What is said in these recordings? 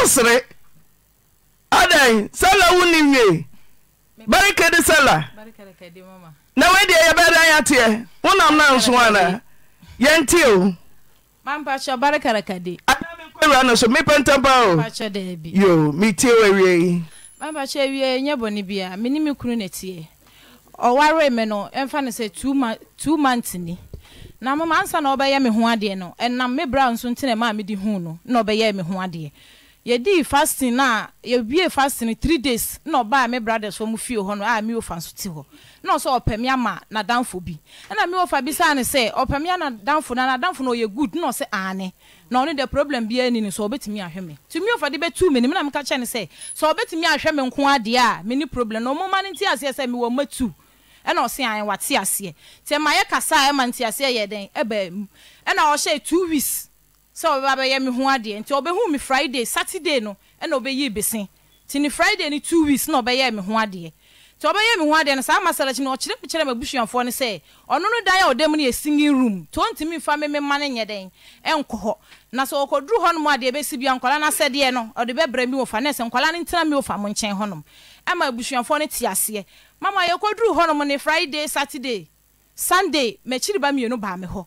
wosere adɛn sɛla wo ne wie dị sela na weideɛ yɛbɛdan ateɛ wonam na nso anaa yɛntio mekɔwura no so mepɛntɛmpa o metio awiei mampakyɛ awie nyɛ bɔne bia mene me kunu ne teɛ ɔwaree me no ɛmfa no sɛ two month ni na moma ansa na ɔbɛyɛ me ho adeɛ no ɛnam me bra nso nti na maa mede huu no na ɔbɛyɛ me yɛdi fasting na yɛwie fasting three days na ɔbaa me brothers wɔn fie hɔ no a mi wofa nso ti hɔ na ɔsɛ ɔpɛmi ama n'adanfo bi ɛna mi wofa bi saa ne sɛ ɔpɛmi ama n'adanfo na n'adanfo na ɔyɛ good na ɔsɛ aane na ɔne de problem bi ɛni ni so ɔbɛtumi ahwɛ mi ti mi wofa de bɛtu mi ni mi na mi ka kyɛ ne sɛ sɛ ɔbɛtumi ahwɛ mi nko adeɛ a mi ni problem na ɔmo ma ne ti aseɛ sɛ mi wɔ ma tu ɛna ɔsɛ anwa ti aseɛ tɛ ma yɛ kasa a ɛma nti aseɛ yɛ den ɛbɛɛ mu ɛna ɔhyɛ two weeks sɛ ɔbɛba bɛyɛ me ho adeɛ nti ɔbɛhu me friday saturday no ɛna ɔbɛyi bese nti ne friday ne two weeks na ɔbɛyɛ me ho adeɛ nti ɔbɛyɛ me ho adeɛ no saa masalakyi no ɔkyerɛ me kyerɛ m'abusuafoɔ no sɛ ɔno no dan a ɔda mu no yɛ singing room to ntumi mfa me mema no nyɛ dɛn ɛnkɔ hɔ na sɛ ɔkɔduru hɔ nom adeɛ bɛsi bia nkwadaa no asɛdeɛ no ɔde bɛbrɛ mi wɔ fa nɛsɛ nkwadaa no ntena mi wɔ fa mo nkyɛn hɔ nom ɛma abusuafoɔ no te aseɛ mama yɛkɔduru hɔ nom ne friday saturday sunday m'akyiri ba mmienu baa me hɔ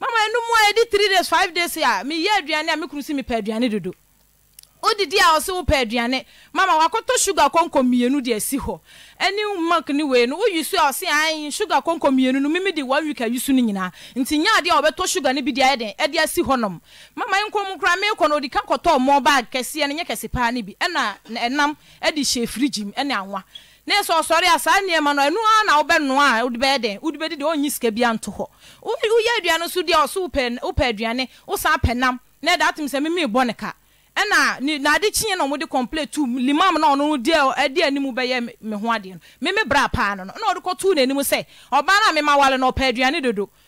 mama enum a di three days five days a meyɛ aduane a me kunu si mi mepɛ aduane dodo wodidi a ɔse wopɛ aduane mama wakoto sugar kɔnkɔ mmienu de asi hɔ ɛne mark ne wei no woyi so a ɔse ae sugar kɔnkɔ mmienu no mimi di one week ayi so no nyinaa nti nya adeɛ a wɔbɛtɔ sugar ni bi di ayɛ den ɛde asi nom. mama nkɔm koraa meekɔ no ɔdi ka kɔtɔɔ mɔ bag kɛseɛ no nyɛ kɛse paa no bi ɛna ɛnam ɛde hyɛ firigyi m ɛne anwa ne sɛ ɔsɔre a saa nneɛma no ɛno ara na wobɛnoa a wode bɛyɛ dɛn wode bɛdi deɛ ɔnyi sika bi anto hɔ woyɛ aduane so deɛ ɔso wopɛ aduane wosan pɛ nam na ɛda atem sɛ meme bɔ ne ka ɛna nade kyeɛ na ɔmode complain tu limam na ɔno adi anim bɛyɛ me ho adeɛ no meme bra paa no no na ɔde kɔtoo n'anim sɛ ɔbaa no a mema wale no ɔpɛ aduane dodo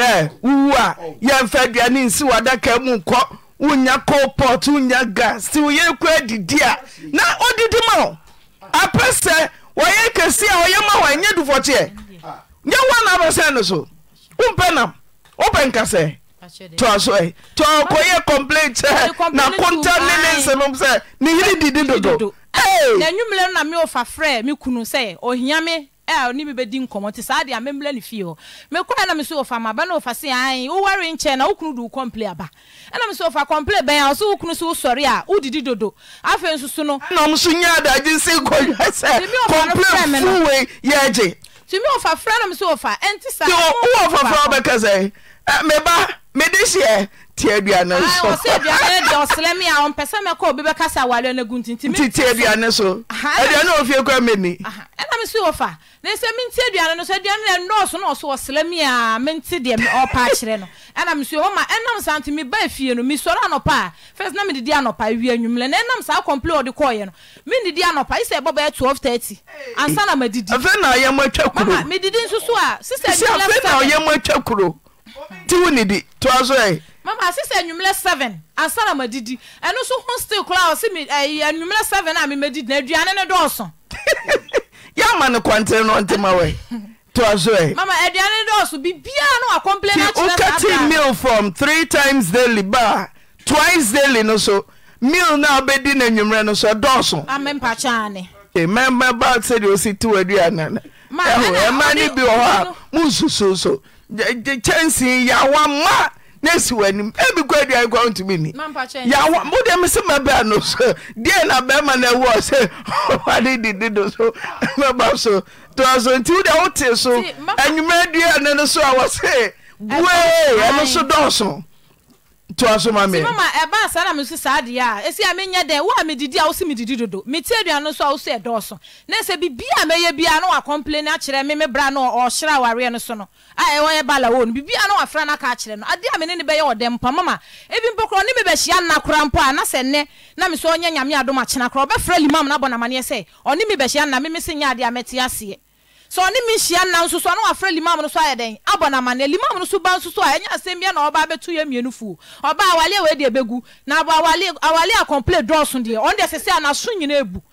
ɛ wuwu a yɛmfa aduane nsi wadaka mu nkɔ wonya colpot wonya gas ti woyɛ kura didi a na odidi ma o apɛ sɛ wɔyɛ kɛse a ɔyɛ ma hɔ ɛnyɛ dufɔkyeɛ nyɛ one percent no so wompɛ nam wopɛ nkasɛ tɔ so ɛ tɔ kɔyɛ complaint sɛ na konta ne ne nsɛmom sɛ ne hene didi dodo ɛɛ na nwumire na mi ò fa frɛ mi kunu sɛ ohia mi ɛ eh, ɔni mi bɛ di nkɔmɔ ti saa de a memlɛ ne fie hɔ mɛ kɔ ɛna mi so ofa ma bɛn ofa se ayi wowari nkyɛn na okunu de o kɔmple aba ɛna eh, mi so ofa kɔmple bɛn a ɔso okunu so sɔre a odidi dodo afei nso so no. ɛna ɔmo so nyɛ adagye se nkɔyɛ sɛ kɔmple fuwe yɛ gye. tumi ofa fira na mi so ofa ɛnti saa. ti o wɔ fɔfɔ bɛ kɛsɛ meba mede hyeɛ tie aduane so ɔsɛ aduane de ɔsrɛ me a ɔmpɛ sɛ mɛkɔ obi bɛka sɛ awale no gu nti nti tie aduane so aduane ɔfie kora mɛni ɛna me so wɔfa na sɛ mente aduane no so aduane no ɛnɔɔso na ɔso ɔsrɛ me a mente deɛ ɔpa akyerɛ no ɛna eh, me so wɔma ɛnam eh, saa nti meba fie no mesɔre anɔpa a first na mededi anɔpa awie anwummerɛ na ɛnam saa kɔmple ɔde kɔɔyɛ no mendedi anɔpa yi e sɛ ɛbɔbɛyɛ e 1230 ansa na madidi afei na ɔyɛ mo atwa kuro medidi nso so a sisɛ e afei na ɔyɛ di. atwa kuro ti wo ne di toa so ɛ. mama asese enyimlɛ seven asana ma didi ɛno so ho still kora ɔsi mi ɛyi enyimlɛ seven a mi ma didi na aduane ne dɔɔso. yàmà ni kwantere náà ntẹ ma wẹ toa so ɛ. mama aduane dɔɔso bibiara no wa complain akyerɛ saa ta. ti o kati meal from three times daily ba twice daily no so meal na abedi na enyimlɛ no so dɔɔso. amẹ mpakya ni. mẹ́mẹ́ bá a e, sẹ́ni o si ti wọ aduane na. ɛhùn ɛmẹ́ ni bi wọ hɔ a mu nsusu so kyɛnse yàwa mma n'esi w'anim ebi kɔ edi ayikɔ ntumi ni yàwa mo de mi si ma bɛn no so deɛ na bɛrima na ewu ɔsɛ ɔwade didi do so mɛba so tɔɔso nti de ɔte so enyimɛ dua ne no so a wɔsɛ buee ɛno so dɔɔso toa so ma me mama ɛba saa na mesu saa deɛ a ɛsi a menyɛ dɛn wo a medidi a wo se medidi dodo mete aduane so a wo se ɛdɔɔso na sɛ biribiaa mɛyɛ biaa na wakɔmplane akyerɛ me me bra no ɔhyerɛ awareɛ no so no a ɛwɔ yɛ bala wɔ no biribiaa na wafra no aka akyerɛ no adeɛ a mene ne bɛyɛ wɔ dɛn mama ebi mpo korɔ ne mebɛhyia nna kora mpo a na sɛ nnɛ na me sɛ ɔnyɛ nyame adom akyena korɔ ɔbɛfrɛ limam no abɔ namaneɛ sɛ ɔne mebɛhyia nna me me se nyɛ adeɛ a mɛte aseɛ sɛ ɔne me hyia nam nso so ɔno wafrɛ limam no so ayɛ dɛn abɔ namanneɛ limam no so ba nso a ɛnyɛ asɛm bia na ɔba bɛto yɛ mmienu fuo ɔba awale a wɔadi ɛbɛgu na awale a kɔmple dɔɔso deɛ ɔno deɛ sɛ sɛ anaso nyina ɛbu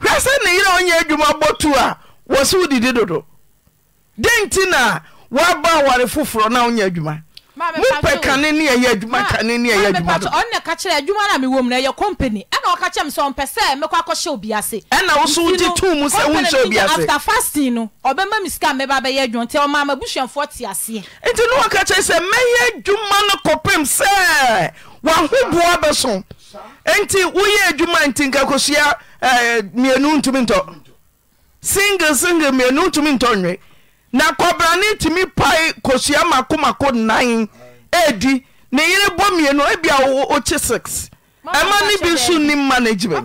hwɛ sɛ ne yerɛ ɔnyɛ adwuma bɔtu a wɔ wodidi dodo dɛn nti na woaba aware foforɔ na onye adwuma mopɛ kane ne ɛyɛ adwuma kane ne ɛyɛ ka kyerɛ adwuma no mewɔ mu no ɛyɛ kɔmpani ɛna ɔka kyerɛ m sɛ ɔmpɛ sɛ mɛkɔ akɔhyɛ obi ase ɛna woso wogye to mu sɛ wonhyɛ obi ase after fasting no sika mɛba bɛyɛ adwuma nti aseɛ nti ne sɛ mɛyɛ no kɔpem sɛ woahoboa bɛso nti woyɛ adwuma nti nka kosua eh, mnu ntum ntɔ single single mminu ntum ntɔ ne na kɔbrane tumi pai kosua makomako n adi ne yere bɔ mminu abiaw okye six ɔma no bi so nim ma negimes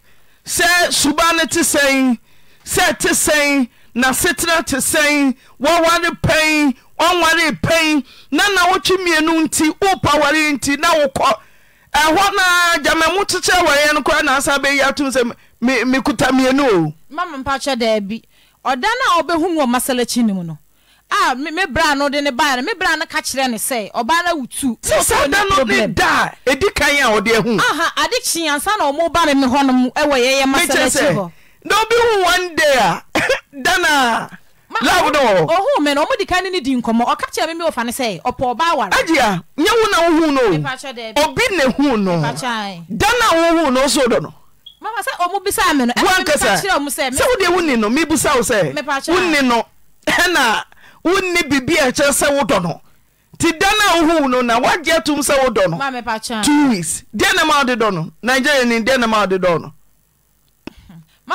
sɛ suba ne te sɛn sɛ te sɛn na setera te sɛn wɔware pɛi ɔwarepɛn na na wotwe mmienu nti worpa ware nti na wokɔ ɛhɔ noa gyama motekyerɛ wareɛ no koa naasa bɛyi a tom sɛ mekota mmienu oaa daabi ɔda no a ɔbɛhum ɔmasalakinem no me bra no de ne ba me bra no ka kyerɛ ne sɛ ɔbaa no wotu sɛsɛdaneda ɛdi kan a ɔde ahu ade kye ansa na ɔmo ba ne me hɔ nom wɔ yɛyɛ masɛbɛkyi hɔ na obi hu one day a dana lab no ɔhu me no ɔmo di kan ne ne di nkɔmmɔ ɔka kyerɛ me me wɔfa ne sɛ ɔpɔ ɔbaa ware agyea na wohu no obi na hu no dana wohu no so dɔ no mama sɛ ɔmo bisa me no ɛna meka kyerɛ ɔmo sɛ sɛ wode wo ni no wo ni no wonni biribi a ɛkyɛ sɛ wodɔ no nti da a wohuu na woagye atom sɛ wodɔ no two weeks deɛ na ma wode dɔ no nigeria ni na ma wode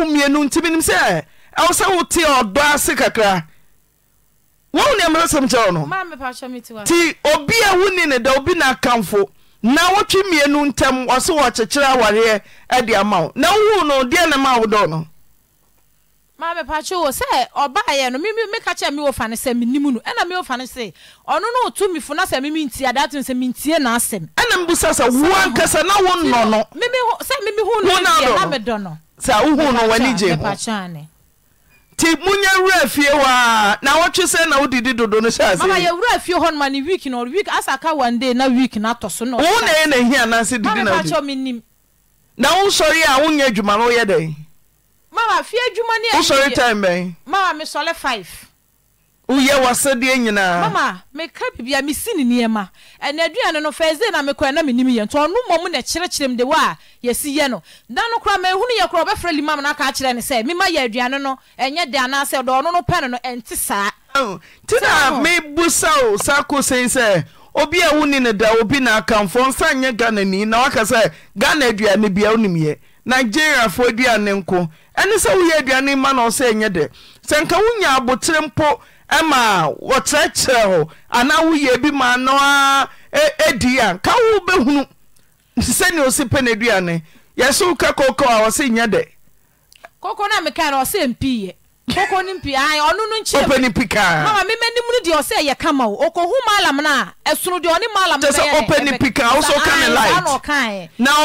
mmienu sɛ ɛwo sɛ wote ɔdɔ ase kakra ne no nti obi a wonni ne da obi na na wotwe mmienu ntɛm ɔse wɔkyekyerɛ awareɛ ade ama wo na wohuu no deɛ na ma wodɔ no ma mepakye wo sɛ ɔbaeɛ no meka kyɛ mewɔ fa no sɛ menim no ɛna mewɔ fa no sɛ ankasa na wonɔ no sɛ memehu no na medɔ no sɛ wohu no w'ani gye ho nti munya wura na wɔtwe sɛ na wodidi dodo no ase hɔ noma week week asaka one day na week atɔ so na na didi na na a mama fie adwuma ne wosɔre time bɛn mama mesɔre 5 woyɛ w'asɛdeɛ nyinaa mama meka bibia mesi ne nneɛma ɛna aduane no na mekɔɛ na menim yɛ nti ɔno mmɔ mu na kyerɛkyerɛ m de wɔ a yɛsi yɛ no da no kora mahunu yɛ kora ɔbɛfrɛ no aka ne sɛ mema yɛ aduane no ɛnyɛ de anaasɛ ɔno no no ɛnte saa nti na mebu sa o saa obi a wo ni da obi na akamfoɔ nsa nyɛ ghanani na waka sɛ ghana aduane bia wonim ɛne sɛ woyɛ aduane ma na ɔsɛ ɛnyɛ dɛ sɛ nka wonya abotere mpo ma wɔkyerɛkyerɛ hɔ anaa woyɛ bi ma no a e, di a nka wo bɛhunu sɛnea ɔsi pɛ no aduane yɛso woka koko a ɔse nyɛ dɛ koko no meka no ɔsɛ mpiiɛ kokɔ nepiɔnka memanim no deɛ ɔsɛ ɛyɛ kama o kohu maalam noa sono deɛ ɔne maaan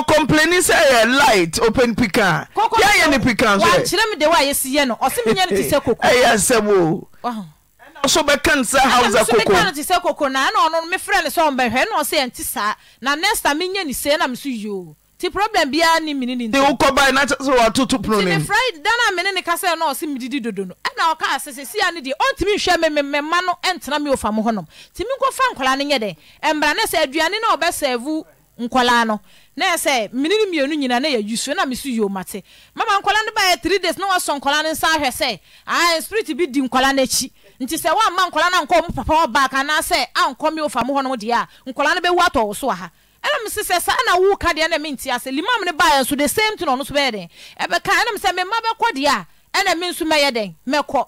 complani sɛ yɛ lit ope pikaɛyɛ ne pkankyerɛ me de wayɛseɛ no ɔsemya notesɛ ko yɛ sɛbɔso bɛkane sɛ hsa no te sɛ koko nanɔnmefrɛ no sɛɛhɛ nasɛɛte saa na nesta meya ne se na msoyo ti problem biara ni mini ni. ti wokɔ ba yi na sɛ watoto pono ne. ti fura yi dana mene ne kasa na ɔsi mi didi dodo no ɛna ɔka asese si ya ne deɛ ɔntumi nhwɛ mɛ mɛ mɛ ma no ɛntena mi ofa mo hɔ nom ti mi nkɔ fa nkɔla ne nyɛ dɛ ɛmra ne sɛ aduane na ɔbɛ sɛɛvu nkɔla no Ne yɛ sɛ mini ni mienu nyina ne yɛ yusu na mi so yi o ma te mama nkɔla ne ba yɛ three days na wɔsɔ nkɔla ne nsa ahwɛ sɛ ayi spirit bi di nkɔla n'akyi nti sɛ wɔn ama nkɔla na nkɔ ɔmo papa ɔbaaka na sɛ ankɔ mi ofa mo hɔ nom deɛ a nkɔla no bɛwu atɔ wɔ so wɔ ha e saa oa meie a bo mema ekod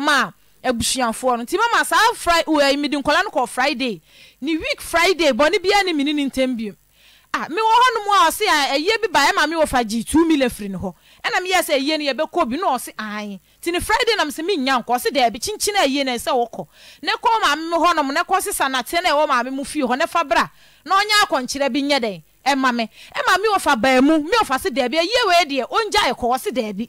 ma a abusuafoɔ no nti mama saa fri ɛɛ eh, mede nkɔla no kɔ friday ne week friday bɔne biara ne mene ne ntɛm bio a ah, mewɔ hɔ nom a ɔse a ɛyɛ bi baɛ ma mewɔ fa gye two million afiri ne hɔ ɛna meyɛ sɛ ɛyie no yɛbɛkɔ bi na ɔse ae nti ne friday nam sɛ menya nkɔ ɔse daabi kyenkyen a ɛyie no ɛsɛ wɔkɔ ne kɔ maame hɔ nom ne kɔ sesa nateɛ no ɛwɔ maame mu fie hɔ ne fa bra na ɔnyɛ akɔnkyerɛ bi nyɛ dɛn ɛma me ɛma mewɔ fa baa mu mewɔ fa se daabi ɛyie wei deɛ ɔngya ɛkɔ ɔse daabi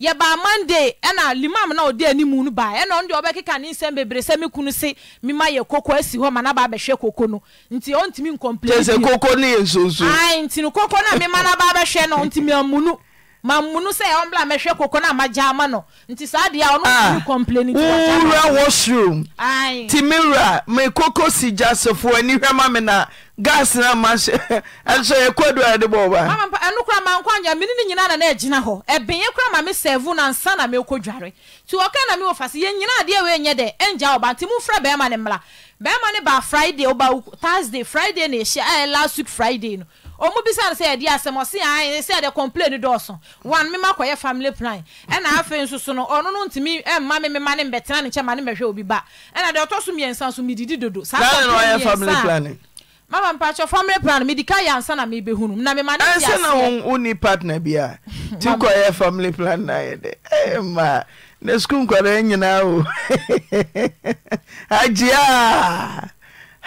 yɛbaa monday ɛna limam na ɔde anim no baa ɛna ɔno deɛ ɔbɛkeka ne nsɛm bebree sɛ me se mima yɛ koko asi e hɔ ma na baa koko no nti ɔntumi nkɔmplɛsɛ koko ne yɛ nsonson ae nti no koko na mima mema na baa bɛhwɛ no ntimi amunu ma mamunu sɛ ɔmbla mɛhwɛ koko na a magya ama no nti saa deɛ ɔno ntumi kɔmplɛni wowura washroom ti mewura me koko si gya sefoɔ ani hwɛ ma me na gas na ma hyɛ ɛhyɛ ɛkɔdu a yɛde bɔ ɔba. mama pa ɛnu kura maa nkwa nya mini ni nyinaa na n'egyina hɔ ɛbɛnyɛ e kura maa mi sɛɛvu na nsa na mi kɔ dware ti ɔka na mi wɔ fa si yɛn nyinaa adeɛ wɔ enyɛ dɛ ɛngya ɔba nti mu fura bɛrima ne mmla bɛrima ne ba friday ɔba thursday friday na ehyia ɛyɛ last week friday no ɔmu bisa no sɛ yɛde asɛm ɔsi ayɛ sɛ yɛde complain no dɔɔso one mema kɔyɛ family plan ɛna e afei nso so no ɔno no ntumi ɛmma eh, me mema ne mbɛtena ne nkyɛn ma ne mbɛhwɛ obi ba ɛna e deɛ ɔtɔ so mmiɛnsa nso mi didi dodo saa kɔmpɛn mmiɛnsa famil panedkaɛsnnsɛna oni partner bia tikɔyɛ family plan nɛdma ne skuu eh, kd nyinaa o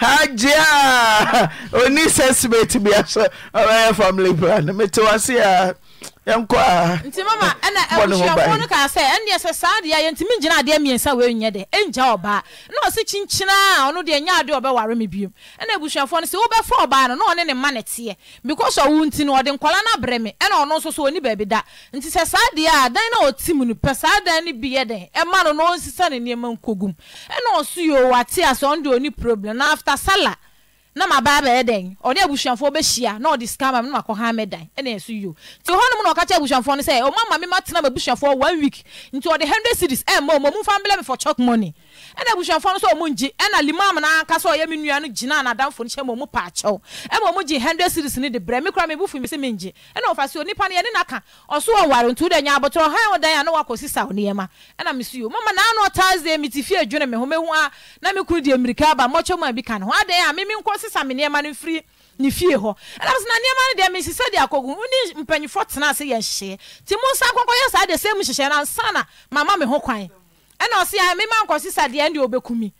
aaaa oni sɛ se mɛte biasɛ ɔbɛyɛ family plan metewase yɛnkɔ a nti mama ɛna abusuafoɔ no kaa sɛ ɛnneɛ sɛ saa deɛ a yɛntumi gyina adeɛ mmiɛnsa wei nyɛ dɛ ɛngya ɔbaa na ɔse kyinkyina ɔno deɛ nyɛ adeɛ ɔbɛware me biom ɛna abusuafoɔ no sɛ wobɛfa ɔbaa no na ɔne ne ma ne teɛ because nti no ɔde nkɔla no abrɛ me ɛna ɔno nso so ɔni baabi da nti sɛ saa a dan na ɔte mu no pɛ saa dan bi yɛ dɛn ɛma no na ɔnsisa ne nneɛma nkɔgum ɛna ɔso na ma ba bɛyɛ dɛn ɔne abusuafoɔ bɛhyia na ɔde sika ma me na makɔ ha mɛ dan ɛna ɛso yio nti hɔ nom na ɔka kyɛ abusuafoɔ no sɛ ɔma ma me ma tena ma abusuafoɔ one week nti ɔde hundred series ɛmma eh, ɔmɔ mu fa mbɛlɛ me for chalk money ɛna abusuafoɔ no sɛ ɔmo ngye ɛna limam no ankasa ɔyɛ me nua no gyina anadamfo no hyɛ ma ɔmo paakyɛw ɛma ɔmo gye hundred series no de brɛ me kora mebu fi me sɛ mengye ɛna ɔfa sɛ onipa no yɛne naka ɔso ɔware nto da nya abɔtɔ ɔhan wo dan a na wakɔsi sa nneɛma ɛna me so yo mama naa no ɔtaasdeɛ mete fie adwene me ho mehu a na me kunu deɛ mmirika aba mmɔkyɛ mu a bi ka ne ho adɛn a meme nkɔ sesa me nneɛma no mfiri ne fie hɔ ɛna so na nneɛma no deɛ mesisa de akɔgu wone mpanyimfoɔ tena ase yɛ nhyehyɛ nti mo nsa nkɔkɔ yɛ saa deɛ sɛ mu hyehyɛ no ansa na mama me ho kwan ɛna ɔsi a ah, mema nkɔsi sa deɛ ɛndeɛ obekumi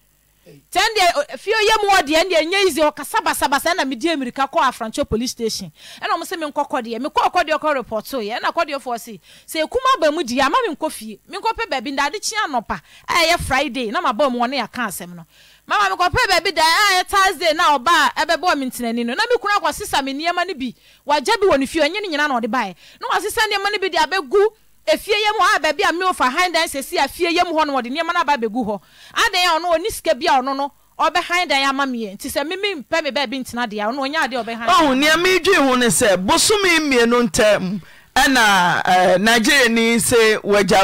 tɛn deɛ fie yɛ mu wɔ deɛ ɛndeɛ nye yi deɛ ɔkasa basabasa ɛna mi di emirika kɔ afrantso police station ɛna ɔmo sɛ mi nkɔ kɔ deɛ mi kɔ ɔkɔ deɛ ɔkɔ repɔtɔ yɛ ɛna kɔ deɛ ɔfɔ si sɛ ekuma ba mu deɛ ama mi nkɔ fie mi nkɔ pɛ baabi ndaade kyi anɔpa a ɛyɛ friday na ma bɔ ɔmo wɔn yɛka asɛm no mama mi kɔ pɛ baabi da a ɛyɛ thursday na ɔba a ɛbɛbɔ mi ntinani no na mi kuna kɔ sisa mi nneɛma no bi wagya bi wɔ ne fie ɔnye ne nyinaa na ɔde ba yɛ na wasisa nneɛma no bi de abɛgu efie yam a ah, baabi a meofa han dan sɛsi a fie yam hɔ no wɔde nneɛma no aba hɔ adan a ɔno sika bi a ɔno no dan ama nti sɛ mpɛ ntena deɛ ɔno adeɛ sɛ mmienu ɛna eh, wagya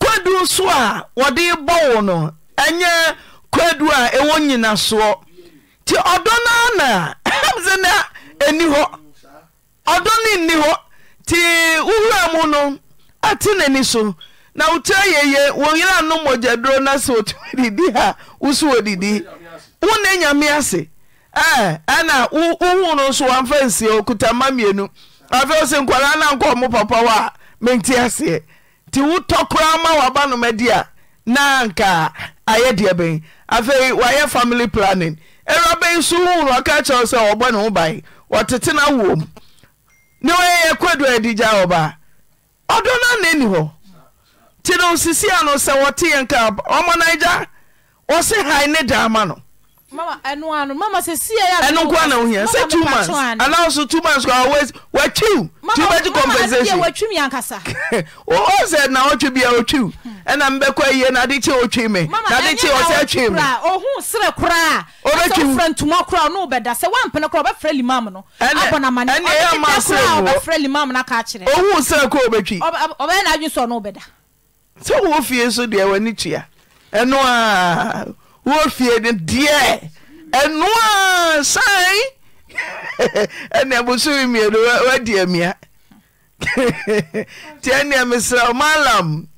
kwadu so a wɔde bɔ wo no ɛnyɛ kwadu a ɛwɔ ɔdɔ na ɛni hɔ ɔdɔ hɔ nti wohura mu no ate n'ani so na wotu ayɛye wɔnyera ano mɔgyaduro no sɛ wotumi didi a woso wɔ didi nyame ase ɛna wohu no nso wamfa nsie okutama mmienu afei wo sɛ nkwara na papa wɔ a menti aseɛ nti wotɔ koraa waba a na nka ayɛ deɛ bɛn wayɛ family planning no ɔka sɛ ne ho ban wɔtete onye wɔyɛyɛ kwadu adigya ọdụ ɔdɔ no na ni hɔ nti ne osisi a no sɛ wɔte yɛ nka ɔmɔ s ɛfe sone no wɔ fie no deɛ ɛnoaa sae ɛne bosomienu wadi amia nti ɛneɛ mesrɛ wo malam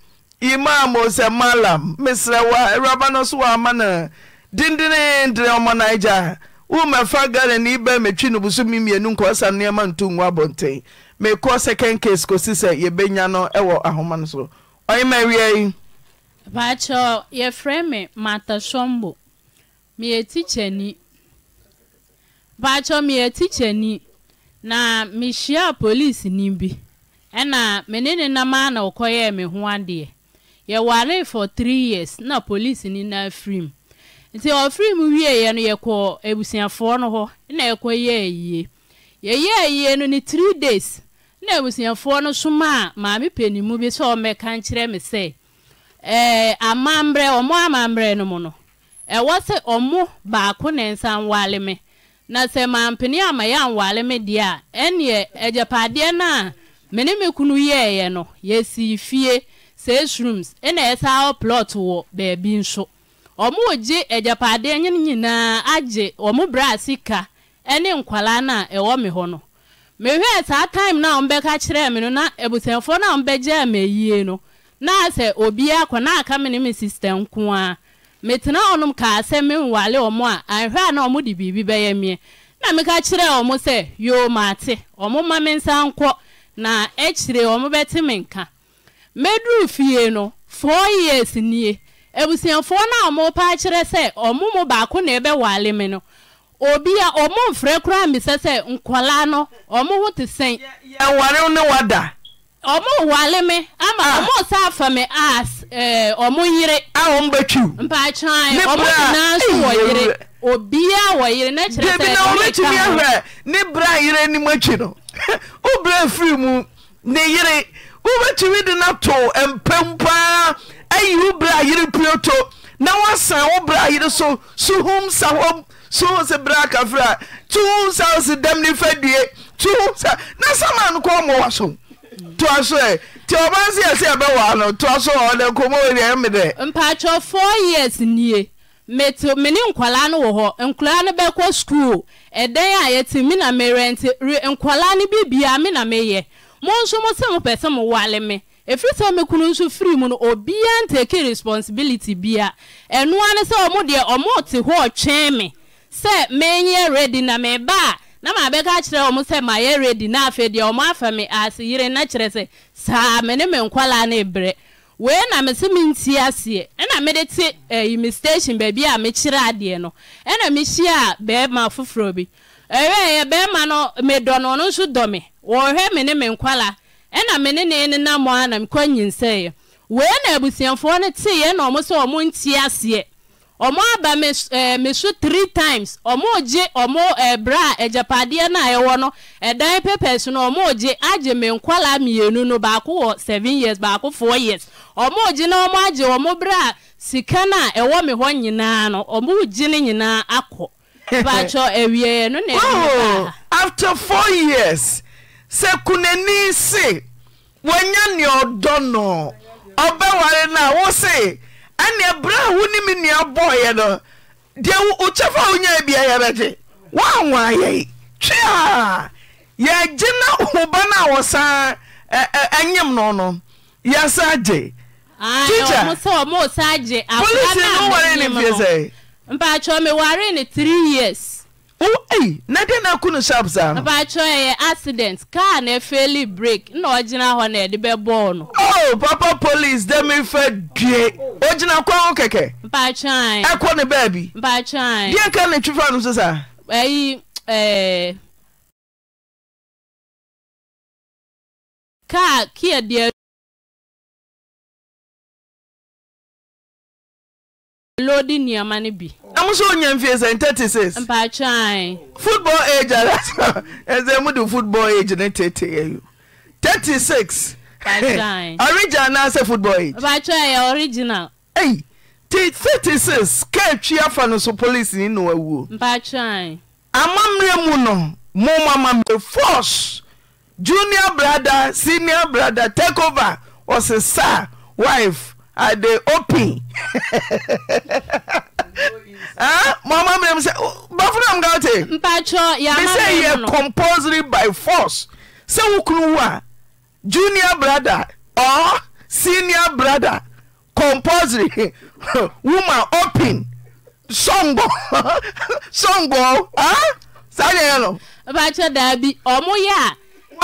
imam o sɛ malam mesrɛ a awuraba no so wɔ ama no dendenendene ɔmɔ no agyaa womɛfa gane ne ibɛ metwi no boso memienu nkɔ ɔsa nnoɛma nto ngu abɔnten mekɔ second case kosi sɛ yɛbɛnya no wɔ ahoma no so ɔyema wiai Bacho, ye freme mata shombo. Miye tiche ni. Bacho miye tiche ni. Na mishia polisi nibi. Ena menene na maana okoye me ho ade. Ye for three years na polisi ni na afrim. Nti ofrim wie ye no ye ebusuafoɔ ebusiafo no ho. Na ye kọ ye yie. Ye ye yie no ni 3 days. Na ebusiafo no soma maame panimu bi so o meka nkyere me sey. amamberɛ eh, ɔmo amamberɛ no mu no ɛwɔ eh, sɛ ɔmo baako ne nsa nwale me na sɛ mampene ama yɛ anwale me deɛ a ɛneɛ agyapadeɛ eh, no a me ne me kunu yɛeɛ no yɛsii fie six rooms ɛna ɛsa wɔ plot wɔ baabi nso ɔmo ogye agyapadeɛ no nyinaa agye ɔmo brɛ ka ɛne nkwalaa no a ɛwɔ me hɔ no mehwɛɛ saa time no a ɔmbɛka kyerɛɛ me no na abusuafoɔ no a ɔmbɛgyaa me yie no na sɛ obiaa kɔ na aka mene me sista nko a metena ɔnom kaa sɛ menwale ɔmo a anhwɛ a na ọmụ dị biribi bɛyɛ meɛ na meka kyerɛ ɔmo sɛ yoo maate ɔmo ma me nsa nkɔ na akyire ɔmo bɛte me nka mɛduru fie no four years nie abusuafoɔ no a ɔmo pa akyerɛ sɛ ɔmo mu baako na ɛbɛwale me no obi a ɔmo mfrɛ koraa mbisa sɛ nkɔla no ɔmo ho te sɛn yɛware ne wada ɔmowae m ɔosafam ah. as ɔoyedebinwobɛtumi eh, ah ne brɛ ayere nim akyi no wobrɛafiri mu ne yere wobɛtumi de no to mpɛm paa ayi wo brɛ ayere pioto na woasae wo brɛayere so sohom sah soo se bera kafrɛ a 2 sus dɛm ne fa due na sama nokɔ mɔw so toa so e, tí ɔba nso yɛ e sɛ yɛbɛwaa e no toa so ɔde nkɔmɔwɔria me dɛ mpakyɛ fo years nnie mene nkɔlaa no wɔ hɔ nkɔlaa no bɛkɔ skuul ɛdɛn a yɛte me na merɛnte nkɔlaa no me na mo nso mo sɛ mopɛ sɛ sɛ nso firi mu no responsibility bia sɛ ɔmo deɛ hɔ ɔtwɛn sɛ redi na na mabɛka kyerɛ ɔ m sɛ mayɛrɛ di na afedeɛ ɔma afa me ase yere nakyerɛ sɛ saa mene menkaa ne berɛ eina mese menti aseɛ na mee te eh, me station baaia mekyerɛ ade n na mey a bɛma foforɔ bi ɛma n medɔnoɔno so dɔme hɛ mene menka na meneɔ em nti seɛ ọmụ aba e, times a agyapadeɛ no ɛwɔ no ɛdan papers no agye me mmienu no baako wɔ 7 years baako 4 years na ọmụ agye ọmụ a sika no hɔ nyinaa no ɔmogye ne nyinaa akɔ bakyɛ na oh, no ne after 4 years kunani ɛneɛ berɛ a wo me nnua bɔɔeɛ no deɛ wokyɛfa a wonyaa bia yɛbɛgye woawa yɛi twe ya na ho no a wɔ saa no no yɛsa gye tiapolisi no meware ne 3 years e na deɛ no ako no shab saa nmpa kyɛ ɛyɛ accident kar na ɛfeily break nna ɔgyena hɔ no ɛde bɛbɔɔ no o oh, papa police dɛme fa due ɔgyina kɔnh kɛkɛ p ɛko no baabi pdeɛ ka no twifa no nso sa kar kdeɛlodenna bi na mo so nya mfie sɛ 36 mpatwan football age ara ɛsɛ mo de football age ne tete ayo 36 mpatwan original na sɛ football age mpatwan yɛ original ei ti 36 ka twi afa no so police ni no awuo e mpatwan amammerɛ mu no mo mamammerɛ force junior brother senior brother take over sir, wife ade ah, open ah, amammɛbfamkatemesɛ yɛcɔmposery by force sɛ wo kunu ho a junior brother ɔr senior brother cɔmposery woma open ssnɔsa ah? yɛɛ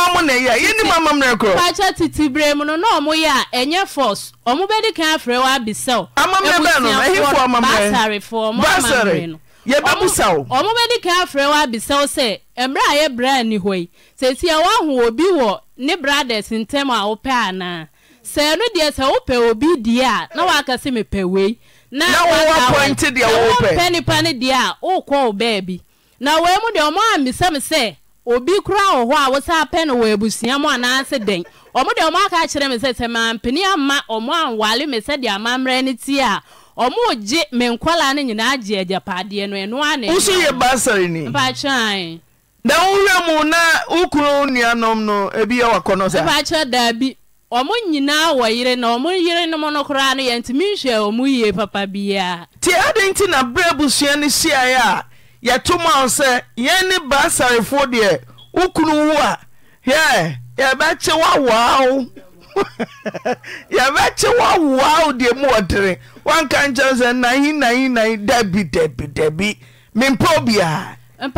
ɔmo na ɛyɛ yɛni mu ama mmerɛ korɔ. pakyɛ titi bere mu no na ɔmo yɛ a ɛnyɛ force ɔmo di kan afrɛ wa abisɛw. amammerɛ bɛɛ no ɛhinfo amammerɛ basarefoɔ ɔmo amammerɛ no yɛbɛbusa wo. ɔmo bɛ di kan afrɛ wa abisɛw sɛ mmerɛ a yɛbrɛ ni hɔ yi sɛsi a wahu obi wɔ ne brothers ntɛm a wopɛ anaa sɛ ɛno deɛ sɛ wopɛ obi deɛ a na waka sɛ mepɛ wei. na wɔwɔ pɔnti deɛ wɔwɔ pɛ. na wɔpɛ nipa ne deɛ a wokɔ wo baabi na wɔn mu deɛ ɔmo amisa mi sɛ obi koraa wɔ hɔ a wosa pɛ no wɔ abusua mu anaasɛ dɛn ɔmo deɛ aka kyerɛ me sɛ sɛ mampani ama ɔmo anwale me sɛdeɛ amammerɛ no ti a ɔmo gye me no nyinaa gye agyapadeɛ no yɛ ni na mu na wo kunu no ebi yɛ wakɔ no sa daabi nyinaa wɔ yere na ɔmo yere no mu no koraa no yɛntumi nhwɛ ɔmo yie papa biara nti na no a yɛto ma wo sɛ yɛn ne baasarefoɔ deɛ wo wo a ɛ yɛbɛkye woawoa wo yɛbɛkye woawoa wo deɛ mu wɔdere woanka nkyɛm sɛ dabi dabi dabi mempɛ biaa by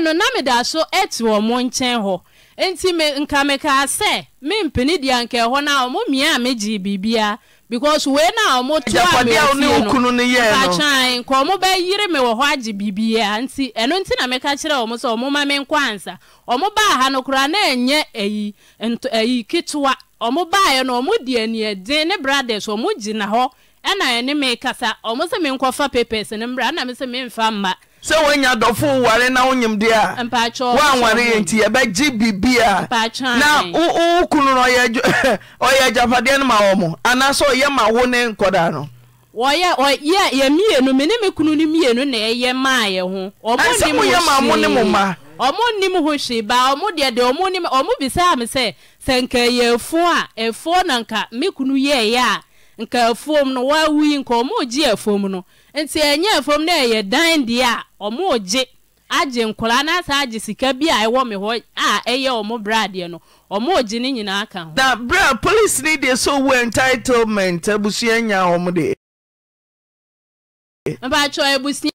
no na meda so ati wɔ mo nkyɛn hɔ nti nka mekaa sɛ mempene deɛ anka no a ɔmo mia a megyee biribiaa because wei na ɔmo to a mi ofie no kakyan nka ɔmo bɛ yiri mi wɔ hɔ agye biribiara nti ɛno nti na meka kyerɛ ɔmo sɛ ɔmo ma mi nkɔ ansa ɔmo baa ha no koraa na ɛnyɛ ɛyi nto ɛyi ketewa ɔmo baeɛ no ɔmo di aniɛden ne brothers ɔmo gyina hɔ ɛna ɛne mi kasa ɔmo sɛ mi nkɔfa papers ne mbra ɛna mi sɛ mi nfa mma. sɛ woanya dɔfo ware na wonyim a woanware yɛ nti yɛbɛgye biribi a na wo kunu no ɔyɛ agyapadeɛ no ma wɔ mo anaasɛ ɔyɛ ma wo ne nkɔdaa no yɛ mene me kunu no na ɛyɛ maa yɛ ho sɛ moyɛ ma mo ne mo ma ɔmo ho hwee baa ɔmo deɛ deɛ ɔmo nim ɔmo sɛ sɛ nka yɛ na nka me kunu a nka fom no waawuyi nka ɔmo ogye ɛfom no nti ɛnyɛ ɛfom no ɛyɛ dan deɛ a ɔmo ogye agye nkwaraa n'asa agye sika bi a ɛwɔ mi hɔ a ɛyɛ ɔmo braadeɛ no ɔmo ogye ne nyinaa ka ho. na bra polisi ni deɛ so wo entitlement abusua nya ɔmo de. mpatsɔ abusua.